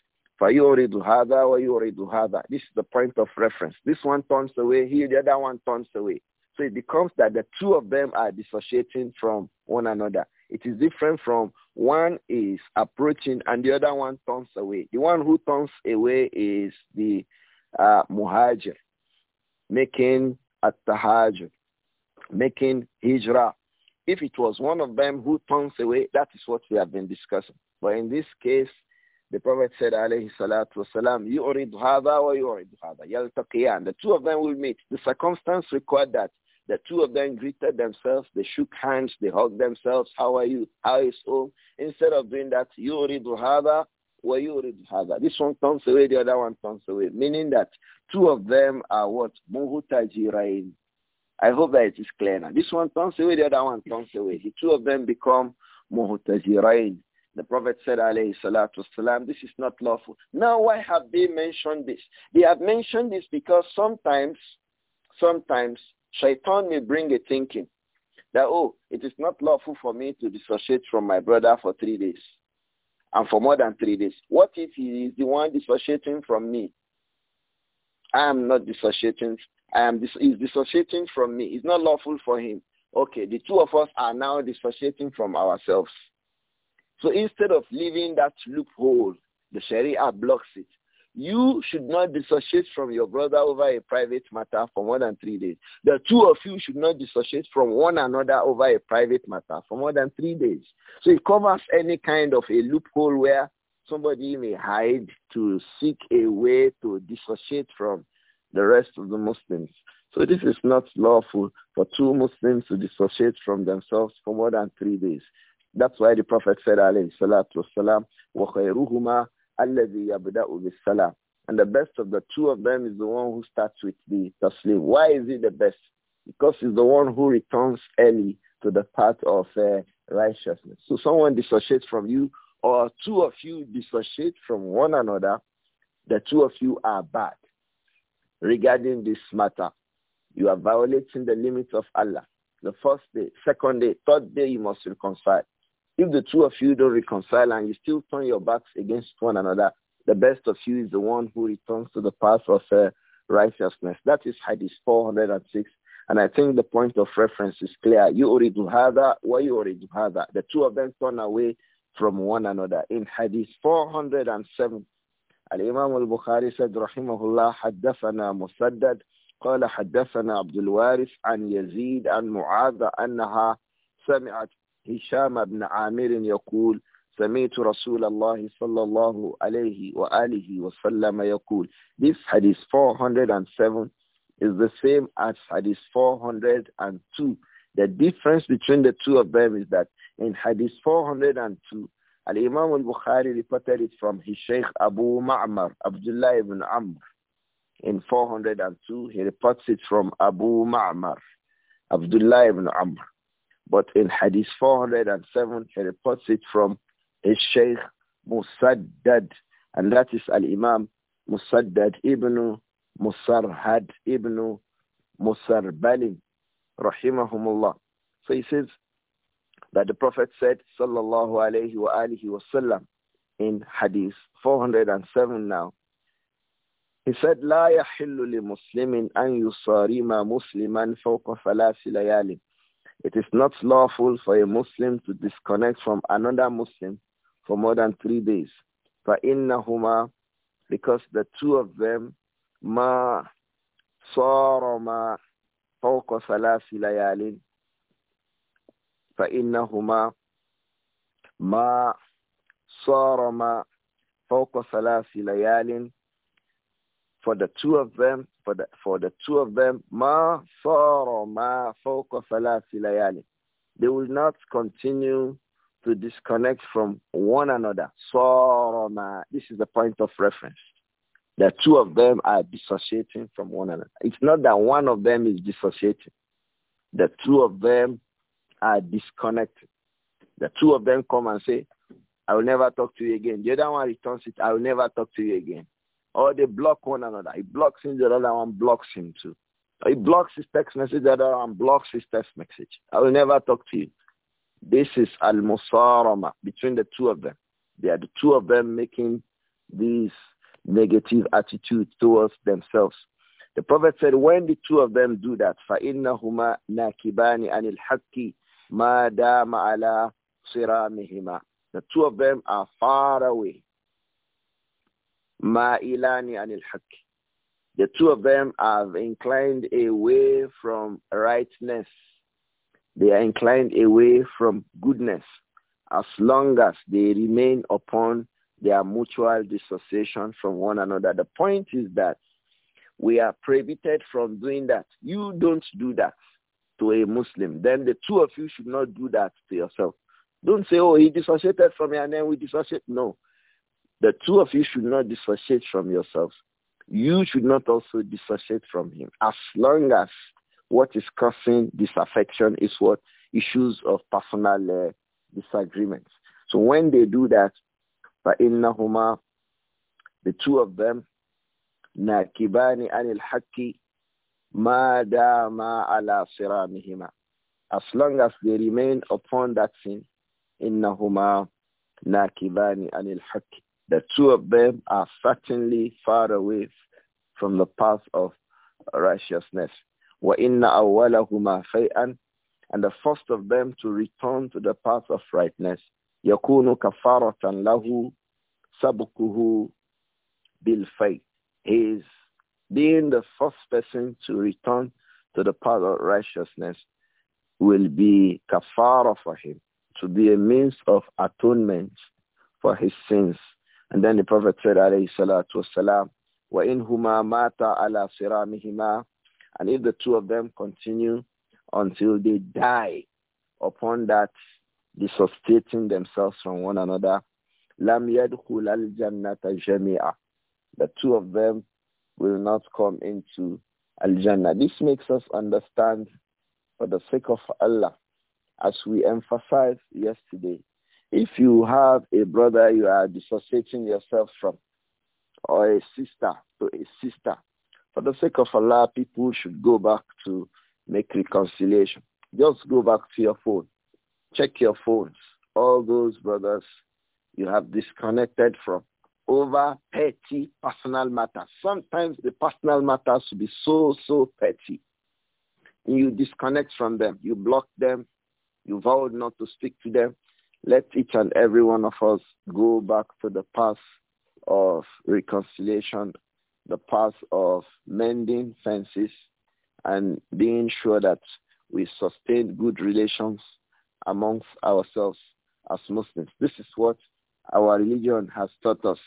فيورد هذا ويورد هذا this is the point of reference this one turns away here the other one turns away so it becomes that the two of them are dissociating from one another it is different from one is approaching and the other one turns away. The one who turns away is the uh, muhajir, making at-tahajjud, making hijrah. If it was one of them who turns away, that is what we have been discussing. But in this case, the Prophet said, alayhi salatu wasalam, yu'rid hadha wa yu'rid hadha, and The two of them will meet. The circumstance required that the two of them greeted themselves. They shook hands. They hugged themselves. How are you? How is home? Instead of doing that, you read Hada, where you read Hada. This one turns away, the other one turns away. Meaning that two of them are what? Muhutajirain. I hope that it is clear now. This one turns away, the other one turns away. The two of them become muhutajirain. The Prophet said, alayhi salatu wasalam, this is not lawful. Now, why have they mentioned this? They have mentioned this because sometimes, sometimes Shaitan may bring a thinking that, oh, it is not lawful for me to dissociate from my brother for three days and for more than three days. What if he is the one dissociating from me? I am not dissociating. I am dis- he's dissociating from me. It's not lawful for him. Okay, the two of us are now dissociating from ourselves. So instead of leaving that loophole, the Sharia blocks it. You should not dissociate from your brother over a private matter for more than three days. The two of you should not dissociate from one another over a private matter for more than three days. So it covers any kind of a loophole where somebody may hide to seek a way to dissociate from the rest of the Muslims. So this is not lawful for two Muslims to dissociate from themselves for more than three days. That's why the Prophet said, alayhi salatu wasalam, الَّذِي يَبْدَأُ Salah, And the best of the two of them is the one who starts with the taslim. Why is it the best? Because it's the one who returns early to the path of uh, righteousness. So someone dissociates from you or two of you dissociate from one another, the two of you are bad. Regarding this matter, you are violating the limits of Allah. The first day, second day, third day, you must reconcile. If the two of you don't reconcile and you still turn your backs against one another, the best of you is the one who returns to the path of uh, righteousness. That is Hadith 406. And I think the point of reference is clear. You already have that. Why you already have that? The two of them turn away from one another. In Hadith 407, Imam Al Bukhari said, "Rahimahullah." حدثنا مسدد Qala حدثنا Abdul الوارث An Yazid An Mu'adha أنها سمعت هشام بن عامر يقول سمعت رسول الله صلى الله عليه وآله وسلم يقول This hadith 407 is the same as hadith 402. The difference between the two of them is that in hadith 402, Al-Imam al-Bukhari reported it from his Sheikh Abu Ma'mar, Abdullah ibn Amr. In 402, he reports it from Abu Ma'mar, Abdullah ibn Amr. But in Hadith 407, he reports it from his Shaykh Musaddad, and that is Al-Imam Musaddad ibn Musarhad ibn Musarbalim, rahimahumullah. So he says that the Prophet said, sallallahu alayhi wa alihi wasallam, in Hadith 407 now, he said, لا يحل لمسلم أن يصارم مسلما فوق ثلاث ليال it is not lawful for a Muslim to disconnect from another Muslim for more than three days. فَإِنَّهُمَا Because the two of them, فَإِنَّهُمَا مَا صَارَ مَا فَوْقَ ثَلَاثِ For the two of them, for the, for the two of them, ma ma They will not continue to disconnect from one another. Sara ma. This is the point of reference. The two of them are dissociating from one another. It's not that one of them is dissociating. The two of them are disconnected. The two of them come and say, I will never talk to you again. The other one returns it, I will never talk to you again. Or they block one another. He blocks him, the other one blocks him too. Or he blocks his text message, the other one blocks his text message. I will never talk to you. This is al-musarama between the two of them. They are the two of them making these negative attitudes towards themselves. The Prophet said, when the two of them do that, فَإِنَّهُمَا نَاكِبَانِ عَنِ الْحَقِّ مَا دَامَ عَلَى صِرَامِهِمَا The two of them are far away Ma'ilani anil haqq. The two of them have inclined away from rightness. They are inclined away from goodness as long as they remain upon their mutual dissociation from one another. The point is that we are prohibited from doing that. You don't do that to a Muslim. Then the two of you should not do that to yourself. Don't say, oh, he dissociated from me and then we dissociate. No. The two of you should not dissociate from yourselves. You should not also dissociate from him as long as what is causing disaffection is what issues of personal uh, disagreements. So when they do that, فَإِنَّهُمَا The two of them, نَاكِبَانِ عَنِ الْحَقِّ مَا دَامَا عَلَى صِرَامِهِمَا As long as they remain upon that sin, إِنَّهُمَا نَاكِبَانِ عَنِ الْحَقِّ the two of them are certainly far away from the path of righteousness. And the first of them to return to the path of rightness. يَكُونُ كَفَارَةً لَهُ سَبْقُهُ بِالْفَيْءٍ His being the first person to return to the path of righteousness will be kafara for him, to be a means of atonement for his sins. And then the Prophet said, alayhi salatu wasalam, وَإِنْهُمَا مَاتَ عَلَى صِرَامِهِمَا And if the two of them continue until they die upon that, dissociating themselves from one another, لَمْ يَدْخُلَ الْجَنَّةَ جَمِيعًا The two of them will not come into Al-Jannah. This makes us understand, for the sake of Allah, as we emphasized yesterday, if you have a brother you are dissociating yourself from, or a sister to a sister, for the sake of Allah, people should go back to make reconciliation. Just go back to your phone. Check your phones. All those brothers you have disconnected from over petty personal matters. Sometimes the personal matters will be so, so petty. You disconnect from them. You block them. You vowed not to speak to them. Let each and every one of us go back to the path of reconciliation, the path of mending fences and being sure that we sustain good relations amongst ourselves as Muslims. This is what our religion has taught us.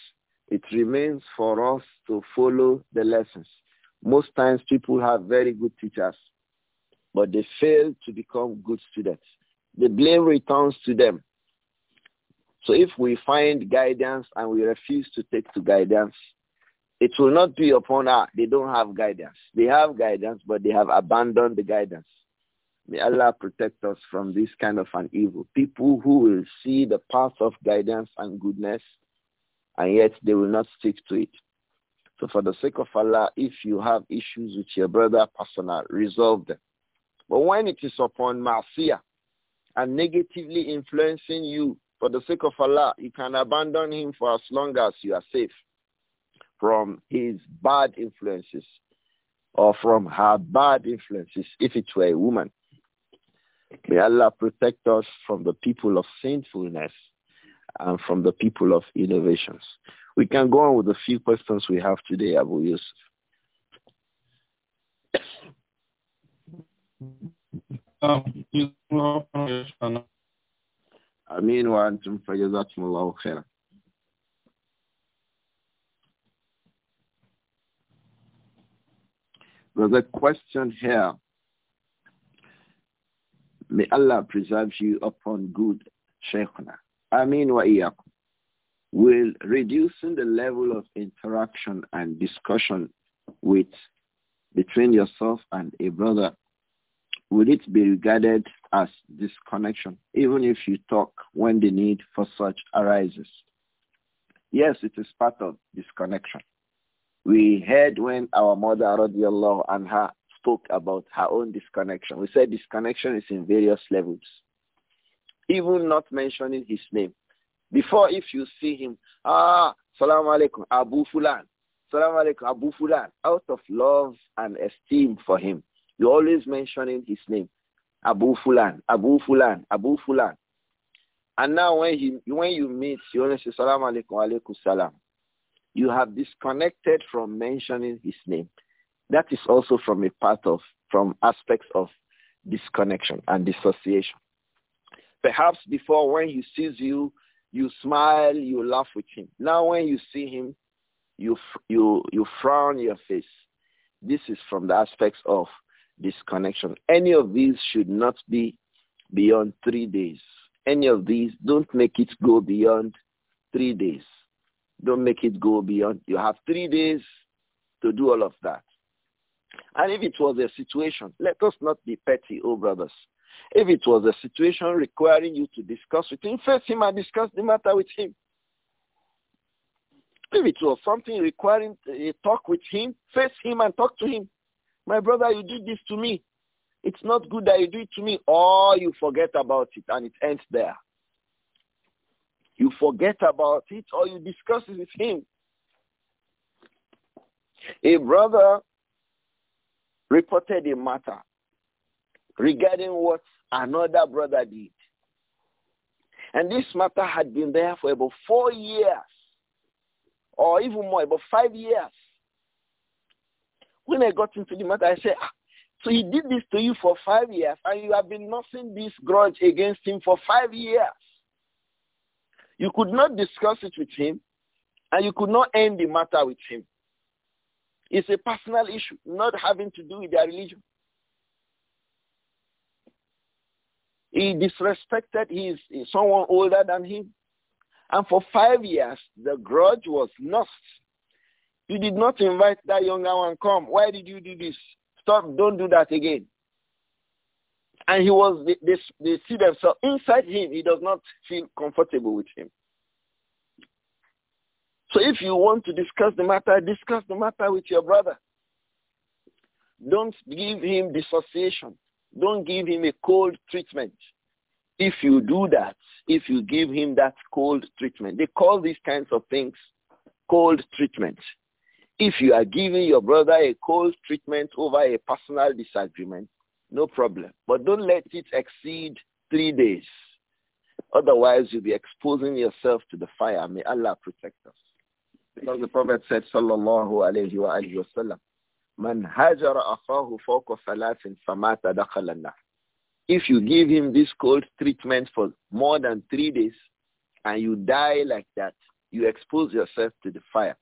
It remains for us to follow the lessons. Most times people have very good teachers, but they fail to become good students. The blame returns to them. So if we find guidance and we refuse to take to guidance, it will not be upon us. They don't have guidance. They have guidance, but they have abandoned the guidance. May Allah protect us from this kind of an evil. People who will see the path of guidance and goodness, and yet they will not stick to it. So for the sake of Allah, if you have issues with your brother personal, resolve them. But when it is upon Marcia and negatively influencing you, for the sake of Allah, you can abandon him for as long as you are safe from his bad influences or from her bad influences if it were a woman. May Allah protect us from the people of sinfulness and from the people of innovations. We can go on with the few questions we have today, Abu Yusuf. Um, أمين وأنتم فجزاكم الله خيرا There's a question here. May Allah preserve you upon good, Shaykhuna. Amin wa iyakum. Will reducing the level of interaction and discussion with between yourself and a brother would it be regarded as disconnection, even if you talk when the need for such arises? Yes, it is part of disconnection. We heard when our mother, radiallahu anha, spoke about her own disconnection. We said disconnection is in various levels. Even not mentioning his name. Before, if you see him, ah, salam alaikum, Abu Fulan, salam alaikum, Abu Fulan, out of love and esteem for him, you're always mentioning his name. Abu Fulan, Abu Fulan, Abu Fulan. And now when, he, when you meet, you only say, Salam alaikum, alaikum salam. You have disconnected from mentioning his name. That is also from a part of, from aspects of disconnection and dissociation. Perhaps before when he sees you, you smile, you laugh with him. Now when you see him, you, you, you frown your face. This is from the aspects of disconnection. Any of these should not be beyond three days. Any of these, don't make it go beyond three days. Don't make it go beyond. You have three days to do all of that. And if it was a situation, let us not be petty, oh brothers. If it was a situation requiring you to discuss with him, face him and discuss the matter with him. If it was something requiring a talk with him, face him and talk to him. My brother, you did this to me. It's not good that you do it to me. Or you forget about it and it ends there. You forget about it or you discuss it with him. A brother reported a matter regarding what another brother did. And this matter had been there for about four years or even more, about five years. When I got into the matter, I said, ah, so he did this to you for five years, and you have been nursing this grudge against him for five years. You could not discuss it with him, and you could not end the matter with him. It's a personal issue, not having to do with their religion. He disrespected his, someone older than him. And for five years, the grudge was nursed you did not invite that younger one. Come. Why did you do this? Stop. Don't do that again. And he was, they, they, they see themselves inside him. He does not feel comfortable with him. So if you want to discuss the matter, discuss the matter with your brother. Don't give him dissociation. Don't give him a cold treatment. If you do that, if you give him that cold treatment, they call these kinds of things cold treatment. If you are giving your brother a cold treatment over a personal disagreement, no problem. But don't let it exceed three days. Otherwise, you'll be exposing yourself to the fire. May Allah protect us. Because the Prophet said, sallallahu alayhi wa alayhi wa sallam, Man hajara akhahu fawqa salatin famata dakhala If you give him this cold treatment for more than three days and you die like that, you expose yourself to the fire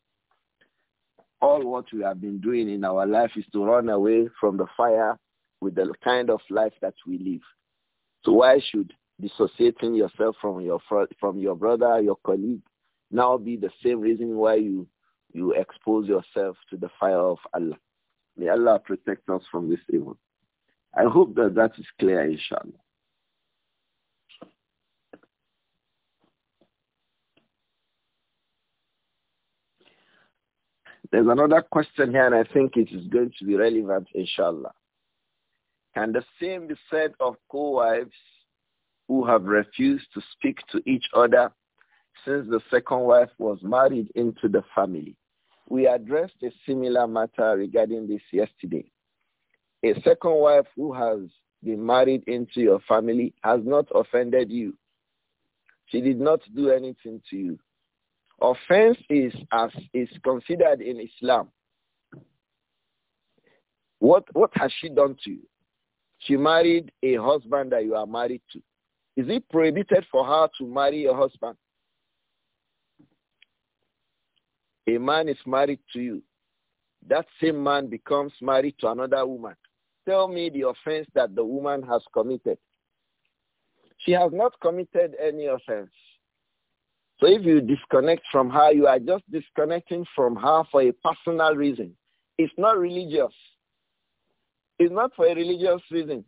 all what we have been doing in our life is to run away from the fire with the kind of life that we live. So why should dissociating yourself from your from your brother, your colleague, now be the same reason why you you expose yourself to the fire of Allah. May Allah protect us from this evil. I hope that that is clear, inshallah. There's another question here, and I think it is going to be relevant, inshallah. Can the same be said of co-wives who have refused to speak to each other since the second wife was married into the family? We addressed a similar matter regarding this yesterday. A second wife who has been married into your family has not offended you. She did not do anything to you. Offense is as is considered in Islam. What what has she done to you? She married a husband that you are married to. Is it prohibited for her to marry your husband? A man is married to you. That same man becomes married to another woman. Tell me the offense that the woman has committed. She has not committed any offense. So if you disconnect from her, you are just disconnecting from her for a personal reason. It's not religious. It's not for a religious reason.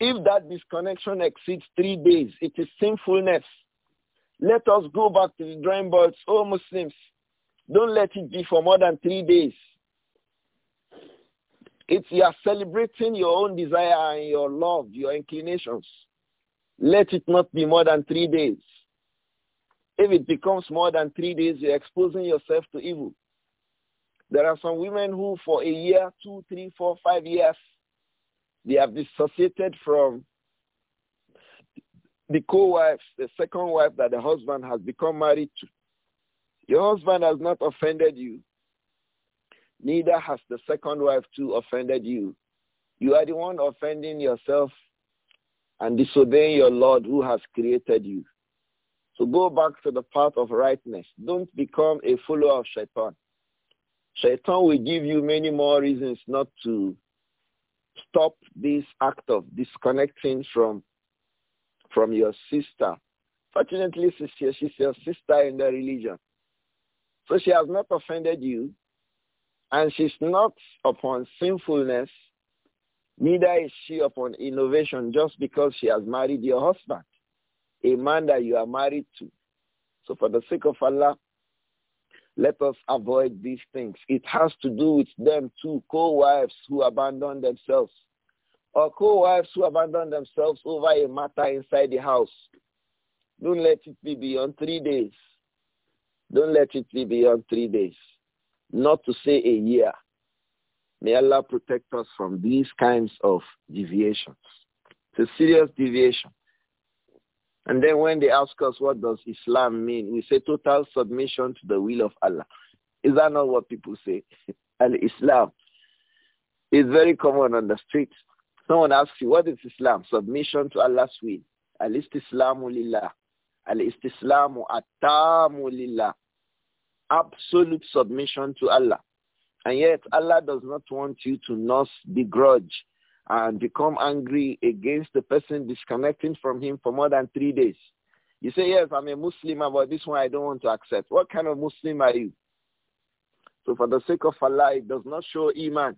If that disconnection exceeds three days, it is sinfulness. Let us go back to the drawing boards, oh Muslims. Don't let it be for more than three days. It's you are celebrating your own desire and your love, your inclinations. Let it not be more than three days. If it becomes more than three days, you're exposing yourself to evil. There are some women who for a year, two, three, four, five years, they have dissociated from the co-wife, the second wife that the husband has become married to. Your husband has not offended you. Neither has the second wife too offended you. You are the one offending yourself and disobeying your Lord who has created you to go back to the path of rightness. Don't become a follower of shaitan. Shaitan will give you many more reasons not to stop this act of disconnecting from from your sister. Fortunately, she's your sister in the religion. So she has not offended you, and she's not upon sinfulness, neither is she upon innovation just because she has married your husband a man that you are married to. So for the sake of Allah, let us avoid these things. It has to do with them too, co-wives who abandon themselves or co-wives who abandon themselves over a matter inside the house. Don't let it be beyond three days. Don't let it be beyond three days. Not to say a year. May Allah protect us from these kinds of deviations. It's a serious deviation. And then when they ask us, what does Islam mean? We say total submission to the will of Allah. Is that not what people say? Al-Islam is very common on the streets. Someone asks you, what is Islam? Submission to Allah's will. Al-Istislamu lillah. Al-Istislamu attamu lillah. Absolute submission to Allah. And yet Allah does not want you to not begrudge and become angry against the person disconnecting from him for more than three days. You say, yes, I'm a Muslim, but this one I don't want to accept. What kind of Muslim are you? So for the sake of Allah, it does not show Iman.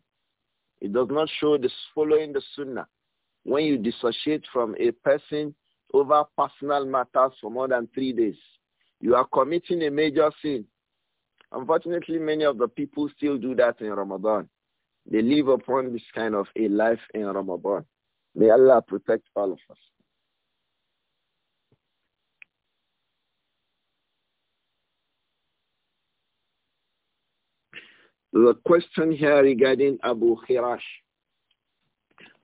It does not show this following the Sunnah. When you dissociate from a person over personal matters for more than three days, you are committing a major sin. Unfortunately, many of the people still do that in Ramadan. They live upon this kind of a life in Ramadan. May Allah protect all of us. The question here regarding Abu Khirash.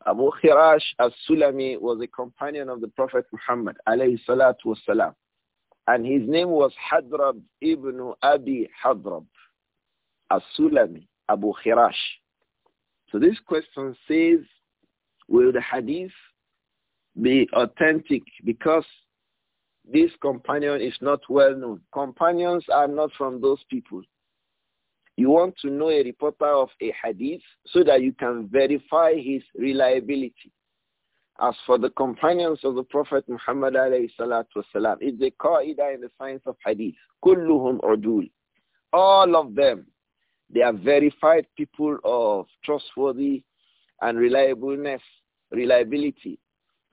Abu Khirash as-Sulami was a companion of the Prophet Muhammad alayhi salatu wasalam. And his name was Hadrab ibn Abi Hadrab as-Sulami, Abu Khirash. So this question says, will the hadith be authentic because this companion is not well known. Companions are not from those people. You want to know a reporter of a hadith so that you can verify his reliability. As for the companions of the Prophet Muhammad wasalam, it's a qaida in the science of hadith. كلهم عدول, All of them, they are verified people of trustworthy and reliableness, reliability.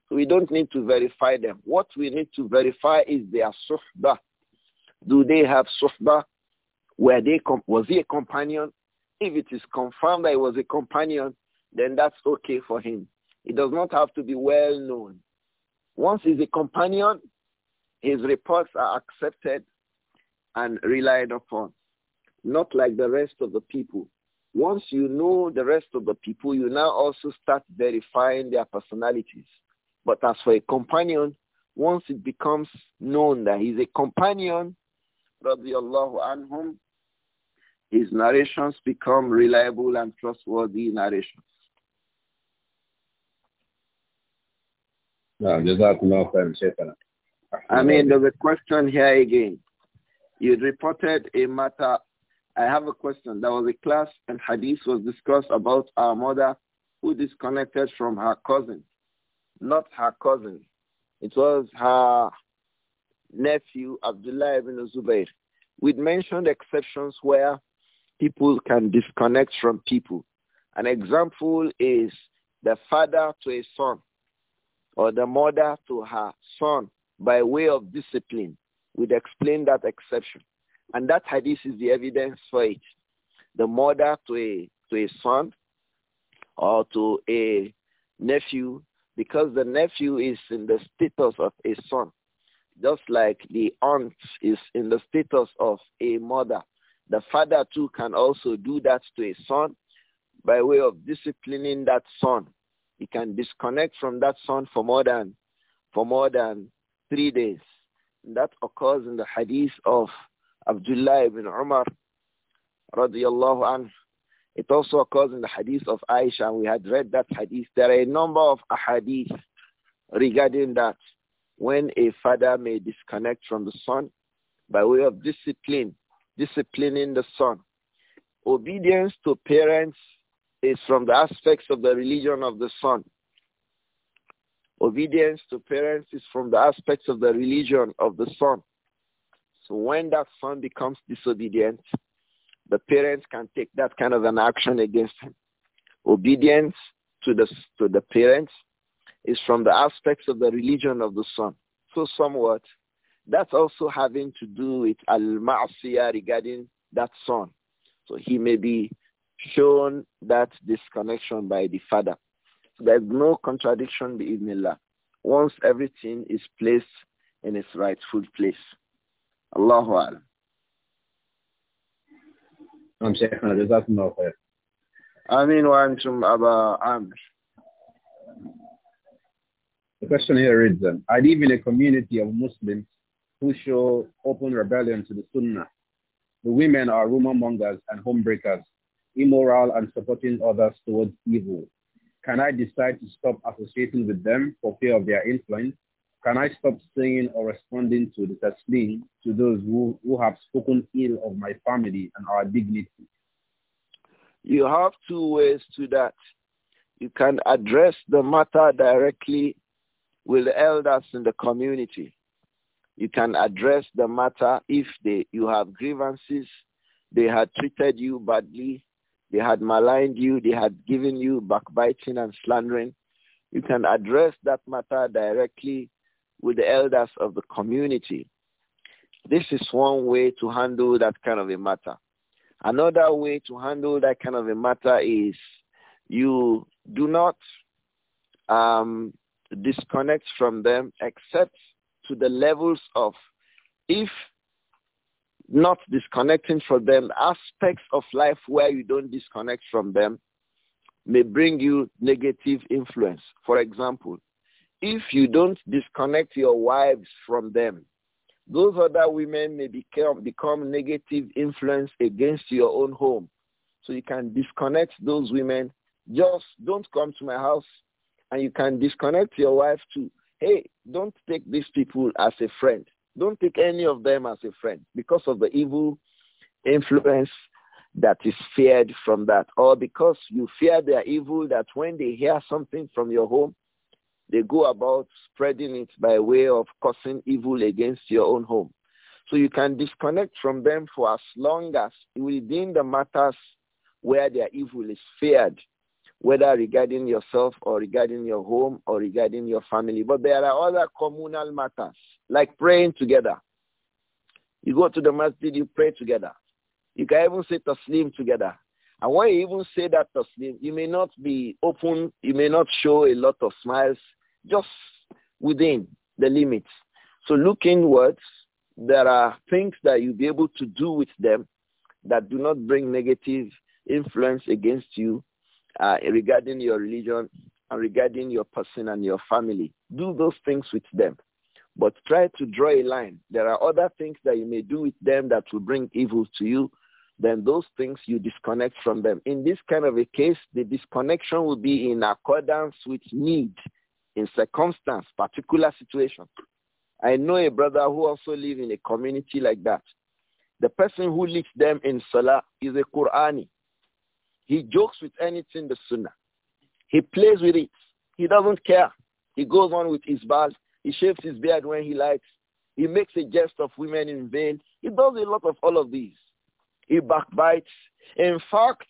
We don't need to verify them. What we need to verify is their suhbah. Do they have suhbah? Were they was he a companion? If it is confirmed that he was a companion, then that's okay for him. It does not have to be well known. Once he's a companion, his reports are accepted and relied upon not like the rest of the people. Once you know the rest of the people, you now also start verifying their personalities. But as for a companion, once it becomes known that he's a companion, radiallahu anhum, his narrations become reliable and trustworthy narrations. No, I mean, there's a question here again. You reported a matter I have a question. There was a class and hadith was discussed about our mother who disconnected from her cousin. Not her cousin. It was her nephew, Abdullah ibn Zubayr. We'd mentioned exceptions where people can disconnect from people. An example is the father to a son or the mother to her son by way of discipline. We'd explain that exception. And that hadith is the evidence for it. The mother to a, to a son or to a nephew, because the nephew is in the status of a son, just like the aunt is in the status of a mother. The father too can also do that to a son by way of disciplining that son. He can disconnect from that son for more than for more than three days. And that occurs in the hadith of Abdullah ibn Umar radiallahu anhu. It also occurs in the hadith of Aisha, and we had read that hadith. There are a number of ahadith regarding that when a father may disconnect from the son by way of discipline, disciplining the son. Obedience to parents is from the aspects of the religion of the son. Obedience to parents is from the aspects of the religion of the son. So when that son becomes disobedient, the parents can take that kind of an action against him. Obedience to the, to the parents is from the aspects of the religion of the son. So somewhat, that's also having to do with al-ma'siyah regarding that son. So he may be shown that disconnection by the father. So there's no contradiction, bi'idnillah, once everything is placed in its rightful place. Allahu Alam. نعم شيخنا جزاكم الله خير آمين وأنتم أبا عامر The question here reads, um, I live in a community of Muslims who show open rebellion to the Sunnah. The women are rumor mongers and homebreakers, immoral and supporting others towards evil. Can I decide to stop associating with them for fear of their influence? Can I stop saying or responding to the taslim to those who, who have spoken ill of my family and our dignity? You have two ways to that. You can address the matter directly with elders in the community. You can address the matter if they, you have grievances, they had treated you badly, they had maligned you, they had given you backbiting and slandering. You can address that matter directly with the elders of the community. This is one way to handle that kind of a matter. Another way to handle that kind of a matter is you do not um, disconnect from them except to the levels of if not disconnecting from them, aspects of life where you don't disconnect from them may bring you negative influence. For example, if you don't disconnect your wives from them, those other women may become, become negative influence against your own home. So you can disconnect those women. Just don't come to my house. And you can disconnect your wife too. Hey, don't take these people as a friend. Don't take any of them as a friend because of the evil influence that is feared from that or because you fear their evil that when they hear something from your home, they go about spreading it by way of causing evil against your own home. So you can disconnect from them for as long as within the matters where their evil is feared, whether regarding yourself or regarding your home or regarding your family. But there are other communal matters, like praying together. You go to the masjid, you pray together. You can even say taslim together. And when you even say that taslim, you may not be open, you may not show a lot of smiles, just within the limits. So look inwards. There are things that you'll be able to do with them that do not bring negative influence against you uh, regarding your religion and regarding your person and your family. Do those things with them. But try to draw a line. There are other things that you may do with them that will bring evil to you. Then those things you disconnect from them. In this kind of a case, the disconnection will be in accordance with need in circumstance, particular situation. I know a brother who also live in a community like that. The person who leads them in Salah is a Qurani. He jokes with anything the Sunnah. He plays with it. He doesn't care. He goes on with his bald. He shaves his beard when he likes. He makes a jest of women in vain. He does a lot of all of these. He backbites. In fact,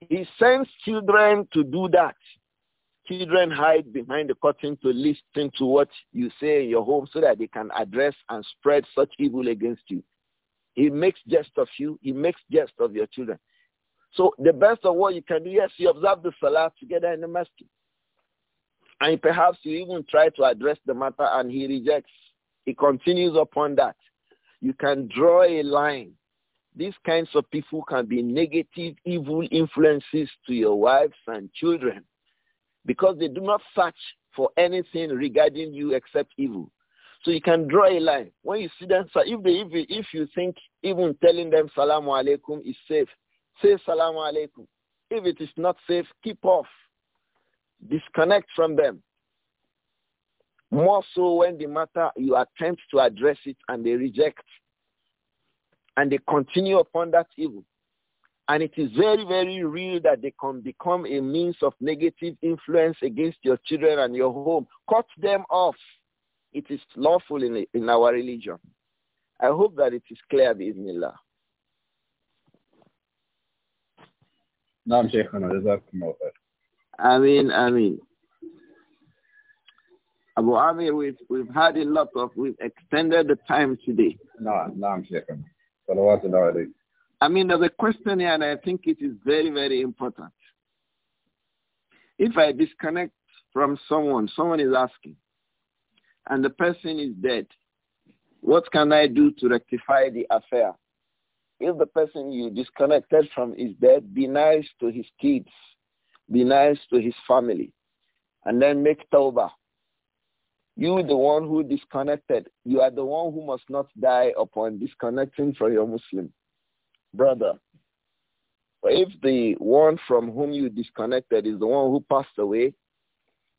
he sends children to do that. Children hide behind the curtain to listen to what you say in your home so that they can address and spread such evil against you. He makes jest of you. He makes jest of your children. So the best of what you can do, yes, you observe the salah together in the mosque. And perhaps you even try to address the matter and he rejects. He continues upon that. You can draw a line. These kinds of people can be negative, evil influences to your wives and children because they do not search for anything regarding you except evil. So you can draw a line. When you see them, if, they, if, you, if you think even telling them salamu alaikum is safe, say salamu alaikum. If it is not safe, keep off. Disconnect from them. More so when the matter, you attempt to address it and they reject. And they continue upon that evil. And it is very, very real that they can become a means of negative influence against your children and your home. Cut them off. It is lawful in, in our religion. I hope that it is clear, Bismillah. نعم شيخنا جزاكم الله خير آمين آمين Abu Amir, we've, we've had a lot of, we've extended the time today. no, نعم شيخنا صلوات الله عليك I mean, there's a question here, and I think it is very, very important. If I disconnect from someone, someone is asking, and the person is dead, what can I do to rectify the affair? If the person you disconnected from is dead, be nice to his kids, be nice to his family, and then make tawbah. You the one who disconnected. You are the one who must not die upon disconnecting from your Muslim brother. But if the one from whom you disconnected is the one who passed away,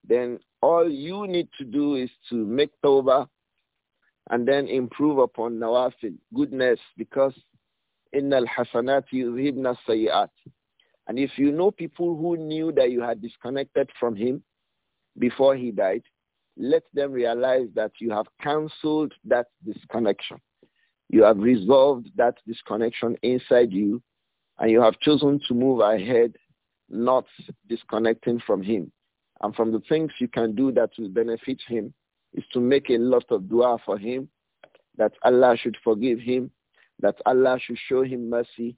then all you need to do is to make tawbah and then improve upon nawafil, goodness, because innal hasanat yuzhibna sayyat. And if you know people who knew that you had disconnected from him before he died, let them realize that you have cancelled that disconnection. You have resolved that disconnection inside you and you have chosen to move ahead, not disconnecting from him. And from the things you can do that will benefit him is to make a lot of dua for him, that Allah should forgive him, that Allah should show him mercy,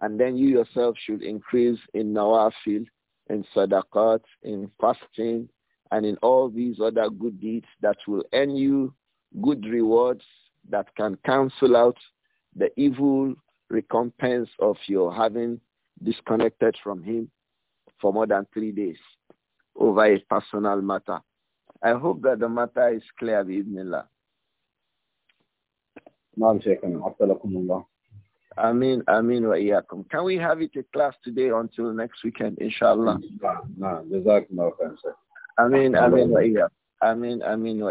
and then you yourself should increase in nawafil, in sadaqat, in fasting, and in all these other good deeds that will earn you good rewards that can cancel out the evil recompense of your having disconnected from him for more than three days over a personal matter. I hope that the matter is clear, Bismillah. نعم شيخنا عطلكم الله Amin, Amin Can we have it a class today until next weekend, inshallah? Nah, jazakumullah khair, Amin, Amin wa Amin, Amin wa